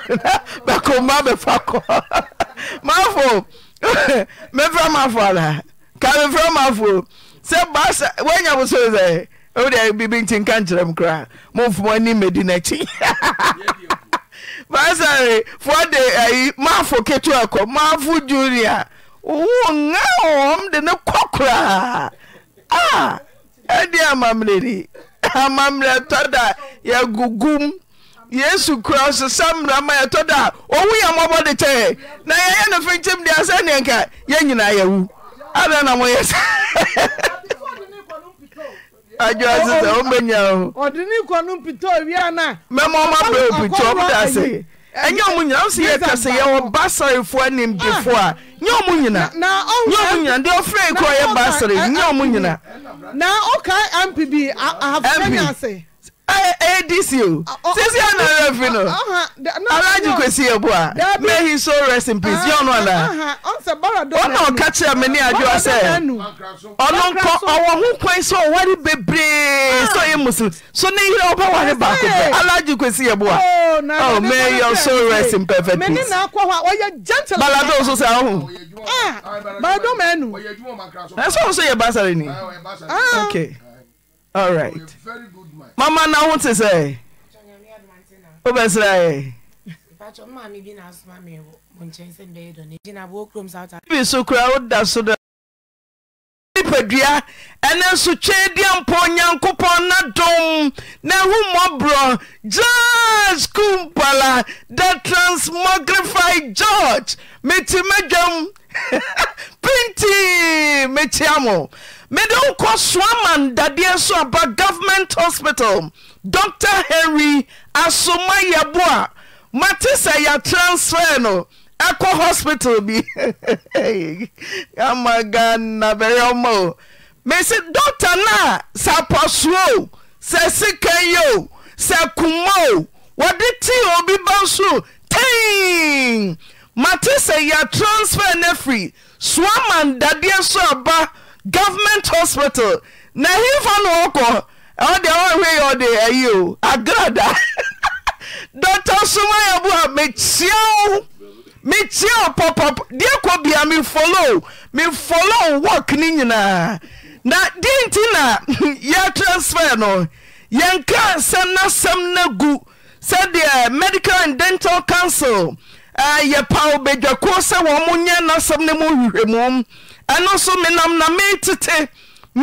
bako mma befakọ mafọ mefra mafọ ala ka mefra mafọ sɛ gbasa wenya bụ so wode biribi nti nka nkyerɛ m koraa momfom ani mmɛdi n'akyi basare fode ayi maafo ketewa kɔ maafo junior wo ŋa wɔm de ne kɔ koraa a ah, ɛde amammerɛni amammerɛ tɔ da yagugum yesu kura so ma yɛtɔ da a ɔwu yɛ mmɔbɔ de kyɛ na yɛyɛ no finkyim deɛ sɛ neɛ nka yɛn nyinaa yɛwu adɛn na moyɛ sɛ adwo ase sɛ ahụ. ho ɔdene kɔ no mpitɔ awia no mɛma ɔma brɛ opitɔ ɔmda sɛ ɛnyɛ ɔmo nyina wosɛ yɛka sɛ yɛwɔ basarefoɔ animdefoɔ a nyina nyina na ɔka mp bi ahafɛ ADC o ah, oh, sisi oh, ana oh, referee no Alhaji Kwesi Yeboah may he so rest in peace yẹ ọ̀nà ọ̀nà ọ̀nà ọ̀ka kyerẹ mi ní adé ọ̀sẹ̀ ọ̀nà nkọ ọ̀wọ̀ ho kwan so ọ̀wárí bebree so yẹ muslim ah. so ní yìí ọ̀bẹ wàrí baako bẹ Alhaji Kwesi Yeboah oh may your soul rest in perfect peace balado nso sẹ ọhún balado mẹ́nu ẹ̀ sọ́wọ́n sọ yẹ basari ni eh, ah. okay all right. mama na ho te sɛwoɛɛoawoaodnipada ɛne nsotwe di ampɔ nyankopɔn nadom na ho mmɔborɔ juge cumpala da transmografi jeorge mete madwam pinti mekia mo mede wokɔ soama ndadeɛ so aba goverment hospital dɔtar hary asoma yɛbo a mate sɛ yɛatransfɛr no ɛkɔ hospital bi magana bɛɛmao mesi dɔkta na a sɛ apasoɔo sɛ sika yɛo sɛ akoma o wɔde tee obi bɔ so tein mate sɛ yɛatransfer no afiri soama ndadeɛ so aba government hospital na hemfa no ɔkɔ wɔde wɔhwei yɛ wɔde ayio agrada dɔ somayɛbo a mekyeɛ wo mekyeɛ wo pɔp deɛ kɔ bia mefolo mefolow wɔk ne nyinaa na di nti na yɛ transfer no yɛnka sɛ nasɛm no gu sɛdeɛ eh, medical and dental council eh, yɛpaw badwako sɛ wɔ monyɛ nasɛm no mu hwehwɛmum ɛno nso menam na metete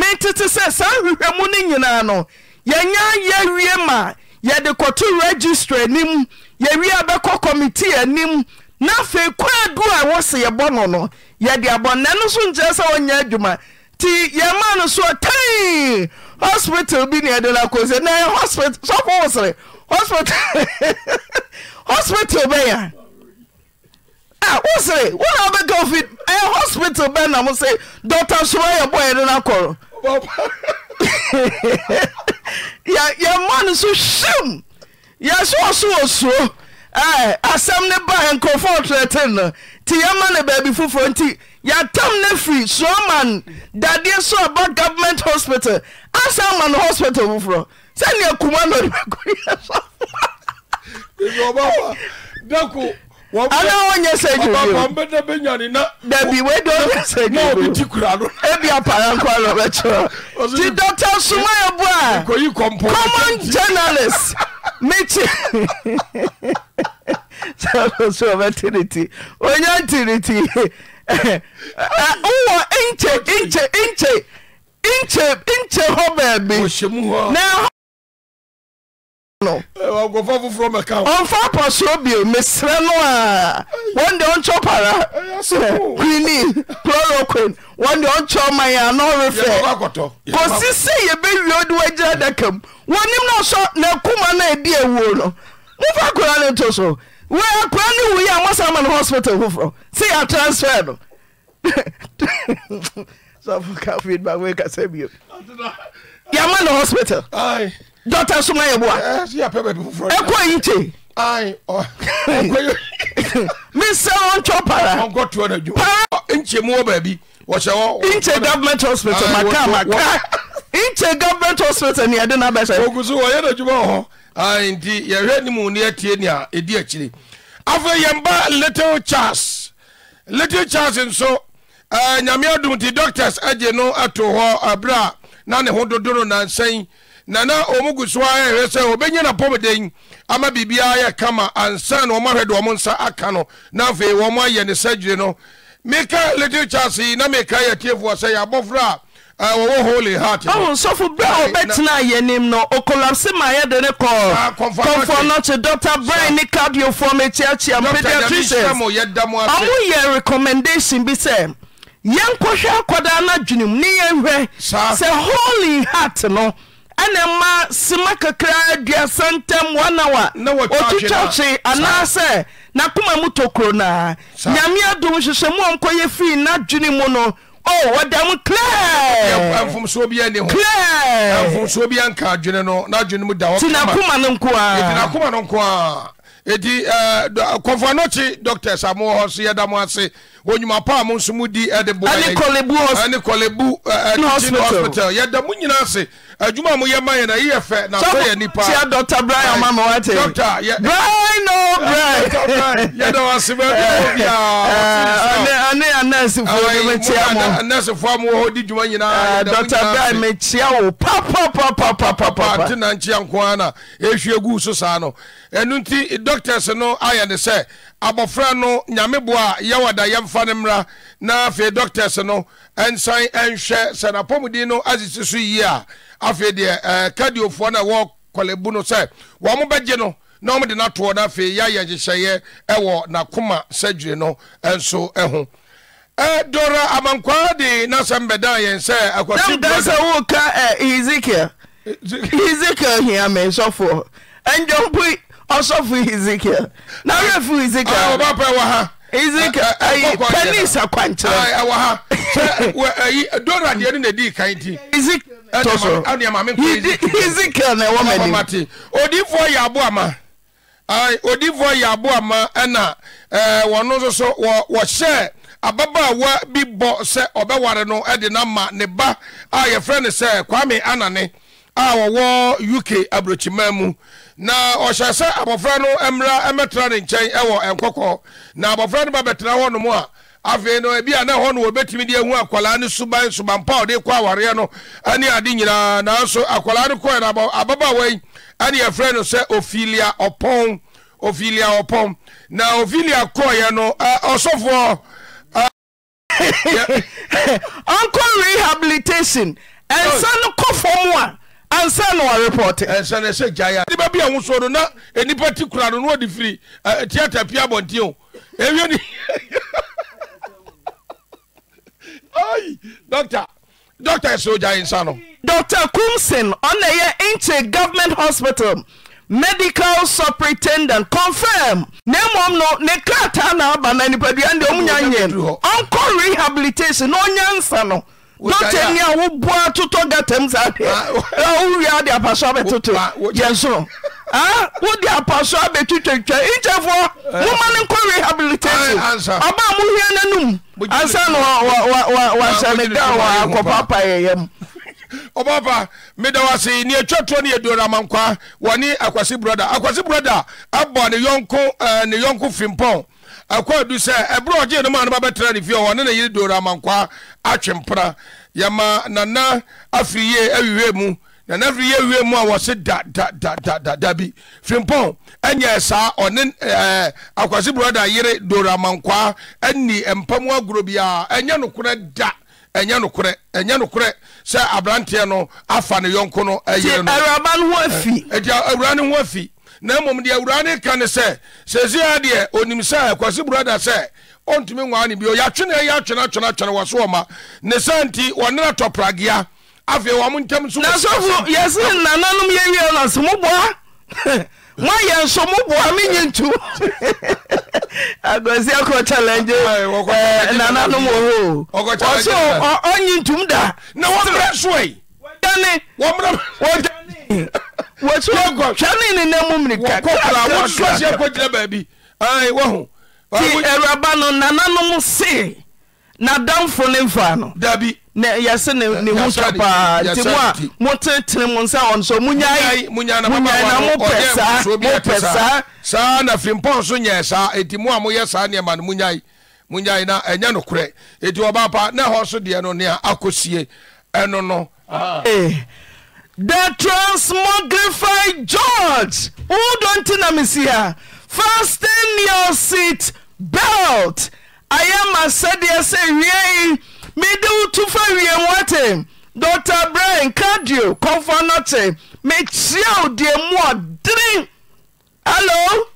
metete sɛ saa hwehwɛ mu no nyinaa no yɛnyɛ yɛwie ma yɛde kɔto registra anim yɛwie a bɛkɔ commitee anim na afei kwaa duɔ a wɔ se yɛbɔ no no yɛde abɔnonaɛno so nkyerɛ sɛ wɔanyɛ adwuma nti yɛma no so ɔ kai hospital bi ne ɛde no kosɛ nɛ spit sɔfo wo sere hospital bɛya wose won bɛkafiɛ hospital bɛnam se dɔta somaa yɛbɔɛno no akɔryɛmɔne so sɛm yɛsɛ ɔ so wɔ suo eh, asɛm ne ba nkrɔfo trɛten no nti yɛma no baabi foforɔ nti yɛatam no firi soa man dadeɛ so aba govment hospital asa ma no hospital foforɔ sɛnea kma n n ɔnyɛ sɛ akti dɔa soma abo acommon journalist mee ya ntewɔ knkye hɔ babi ɔmfa pɔ soɔ biom meserɛ no a ɔnde ɔnkyɛ para ini cloroquin nde ɔnkyɛ manyanɔɔrefɛ kosi sɛ yɛbɛwie ode w'agyira daka m ɔnim na ɔsɔ nakuma no adi wuo no momfa koa no toso akoa ne wuia mosa ma no hospital foforɔ sɛ yɛatransfer noyɛma no hospital dɔta soma yɛ boaɛkɔ yite mesɛ ɔntwɛ parankye government hospital makamaka nkye government hospital neɛde no bɛhyɛ nti yɛhwɛ ne ne atie ne a ɛdi akyire afei yɛmba little charles little charles nso eh, nyame adom nti doctors agye no ato hɔ aberɛ a na ne ho dodoro nana ɔmu gu sowaa ɛhwɛ sɛ ɔbɛnya napɔmeden ama biribiaa yɛ ka ma ansana ɔm ahwɛ deɔm nsa aka no na fei wɔm ayɛ ne sa gyire no meka litratures yi na meka yɛatiefo ɔ sɛ yɛabɔforɛ a wɔwɔ holy heart nosofo berɛ a ɔbɛtyena yɛnim no ɔkolapse ma yɛde ne kɔmf noy d brɛ ne kadofɔm kiacyi a mpɛsɛm yɛdamsamoyɛ recommendation bi sɛ yɛnkɔhwɛ akɔdaa nodwenem ne yɛhwɛ sɛ holy heart no ɛna ma sima kakra aduasa ntam wanawa ɔtwitwa hye anaasɛ n'akoma mu tokuro naa nyame adom hyehyɛ mu ɔnkɔyɛ fii n'adwene mu no o wɔda mu klɛɛmfomsoɔ bi ani homfomsoɔ bi anka adwene no n'adwene mu da hɔti n'akoma no nko a n'akoma no nko a ɛti kɔmfoanɔkye dɔkta samoɔ hɔ so yɛda mo ase onyuma paa mo nso mu di de bone kolebuin hospital yɛda mo nyina se adwuma mo yɛma yɛnayiyɛ fɛ nasɔyɛ nipaɛdaasbinsfoa mɔɔde dwaynamekyia w papte nankyea nkoana h gu so saa no ɛno nti dɔta s no ayɛ ne sɛ abɔfra no nyameboa a yɛwɔda yɛmfa no mmra na afei doctors no nsan nhwɛ sɛ napɔmudin no asisi so yie a afei deɛ kadiofoɔ no ɛwɔ kɔlɛbu no sɛ wɔn bɛgye no na wɔn de no atoɔ no afei yɛayɛ nhyehyɛeɛ ɛwɔ n'akoma sɛdwere no nso ho dora amankwaa de n'asɛm bɛdan yɛn sɛ akwasi brɔda sɛ woka ezekiel ezekiel hia me sɔfoɔ ndwompo ɔsɔfo Ezekiel na werɛfo hezekielwha penis akwankyerɛhezekiel na ɛwɔmani odiyifoɔ yɛ aboama odiyifoɔ yɛ ama ɛna wɔno nso so ababaawa bi bɔ sɛ ɔbɛware no na ma ne ba a yɛfrɛ no sɛ kwame anane a wɔwɔ uk abrokyimaa mu na ɔhyɛ sɛ abɔfra no mmra mmɛtena ne nkyɛn ɛwɔ nkɔkɔ na abɔfra no ba bɛtena hɔ a afei no ebi a na ɛhɔ no wɔbɛtumi de ahu akwalaa no suban subanpa a ɔde kɔ awareɛ no ɛne ade nyinaa nanso akwalaa no kɔɛ na ababaawa yi ɛne yɛfrɛ no sɛ ofilia ɔpɔn ofilia ɔpɔn na ofilia kɔɔyɛ no ɔsɔfoɔ uncle rehabilitation ɛnsa no kɔ fam a ansa na warepɔte ɛnsɛ na sɛ gyae a nipa bi a so no na enipa ti kura no na wɔde firi tiata pia abɔnten o ɛwie ni ai dɔkta dɔkta ɛsɛ ogyae nsa no dɔkta kumsen ɔna ɛyɛ nche government hospital medical superintendent confirm na mmom no ne krataa na aba na nipadua ndeɛ ɔmunya nyɛ ɔnkɔ rehabilitation na ɔnya no dɔkta ni a woboa totɔ gatam saa hwɛwowie ade apa so abɛtoto yɛ so ah, wode apa so abɛtwitwatwa nkyɛfoɔ moma eh. ne nkɔ rehabilitation eh, ɔba mohia no nom ansa no wahyɛ ne da wakɔpapa yɛyam ɔbapa meda wase ne atwatoɔ no yɛduono amankwa wɔne akwase brɔda akwase brɔda abɔ ne yɔnko eh, ne yɔnko fimpɔn ɛkɔ adu sɛ ɛberɛ ɔgye ne maa no babɛtena ne fie hɔ ne ne yere doro amankwa atwe mpra yɛma nana afiri yie awiwie mu nana afiri yie awiwie mu a wɔse da da da da da da bi fimpɔn ɛnyɛ saa ɔne ɛɛ akwasi broda yere doro amankwa ɛni mpamu agoro biara ɛnyɛ nokorɛ da ɛnyɛ nokorɛ ɛnyɛ nokorɛ sɛ aberanteɛ no afa ne yɔnko no ɛyere no ti awuraba no ho afi ɛti awura no ho afi. na mmom deɛ awura ne ka ne sɛ sɛsia deɛ ya sɛ kwase brada sɛ ɔntumi nwaa ne bio yɛatwene ɛyɛ atwenatwenatwene wɔ so ɔma ne sa nti wɔnena tɔpragea afei wɔm ntam so nasɔfo yɛse nananom yɛwie no sɛ moboa moayɛ nso moboa menye ntu agosi akɔ challenge eh, nananom wɔ hɔ ɔso ɔnye ntum da na wɔmmerɛ soe wɔdane wɔkɔ hwɛ ne ne na mu mirika wɔkɔkɔsɛ kɔgyina baabi wɔho ti awuraba no nananom se nadamfo ne mfaa no dabi na yɛse ne ho sɔ paa nti mo a motetene mo nsa wɔn so munyae na mopɛ saa mopɛ saa na fimpɔn so nyɛɛ saa enti mo a moyɛ saa nneɛma no munyae munyae na ɛnyɛ nokorɛ enti wɔba pa na ɛhɔ so deɛ no nea akɔsie ɛno no eh. e transmogrifi george ho dontina mesiha fastinyo seat belt ayɛ masɛdeɛ sɛ wiei mede wo tufa wie mua te d brankadio kɔmfa nɔte mekyeɛo deɛ mua drin allo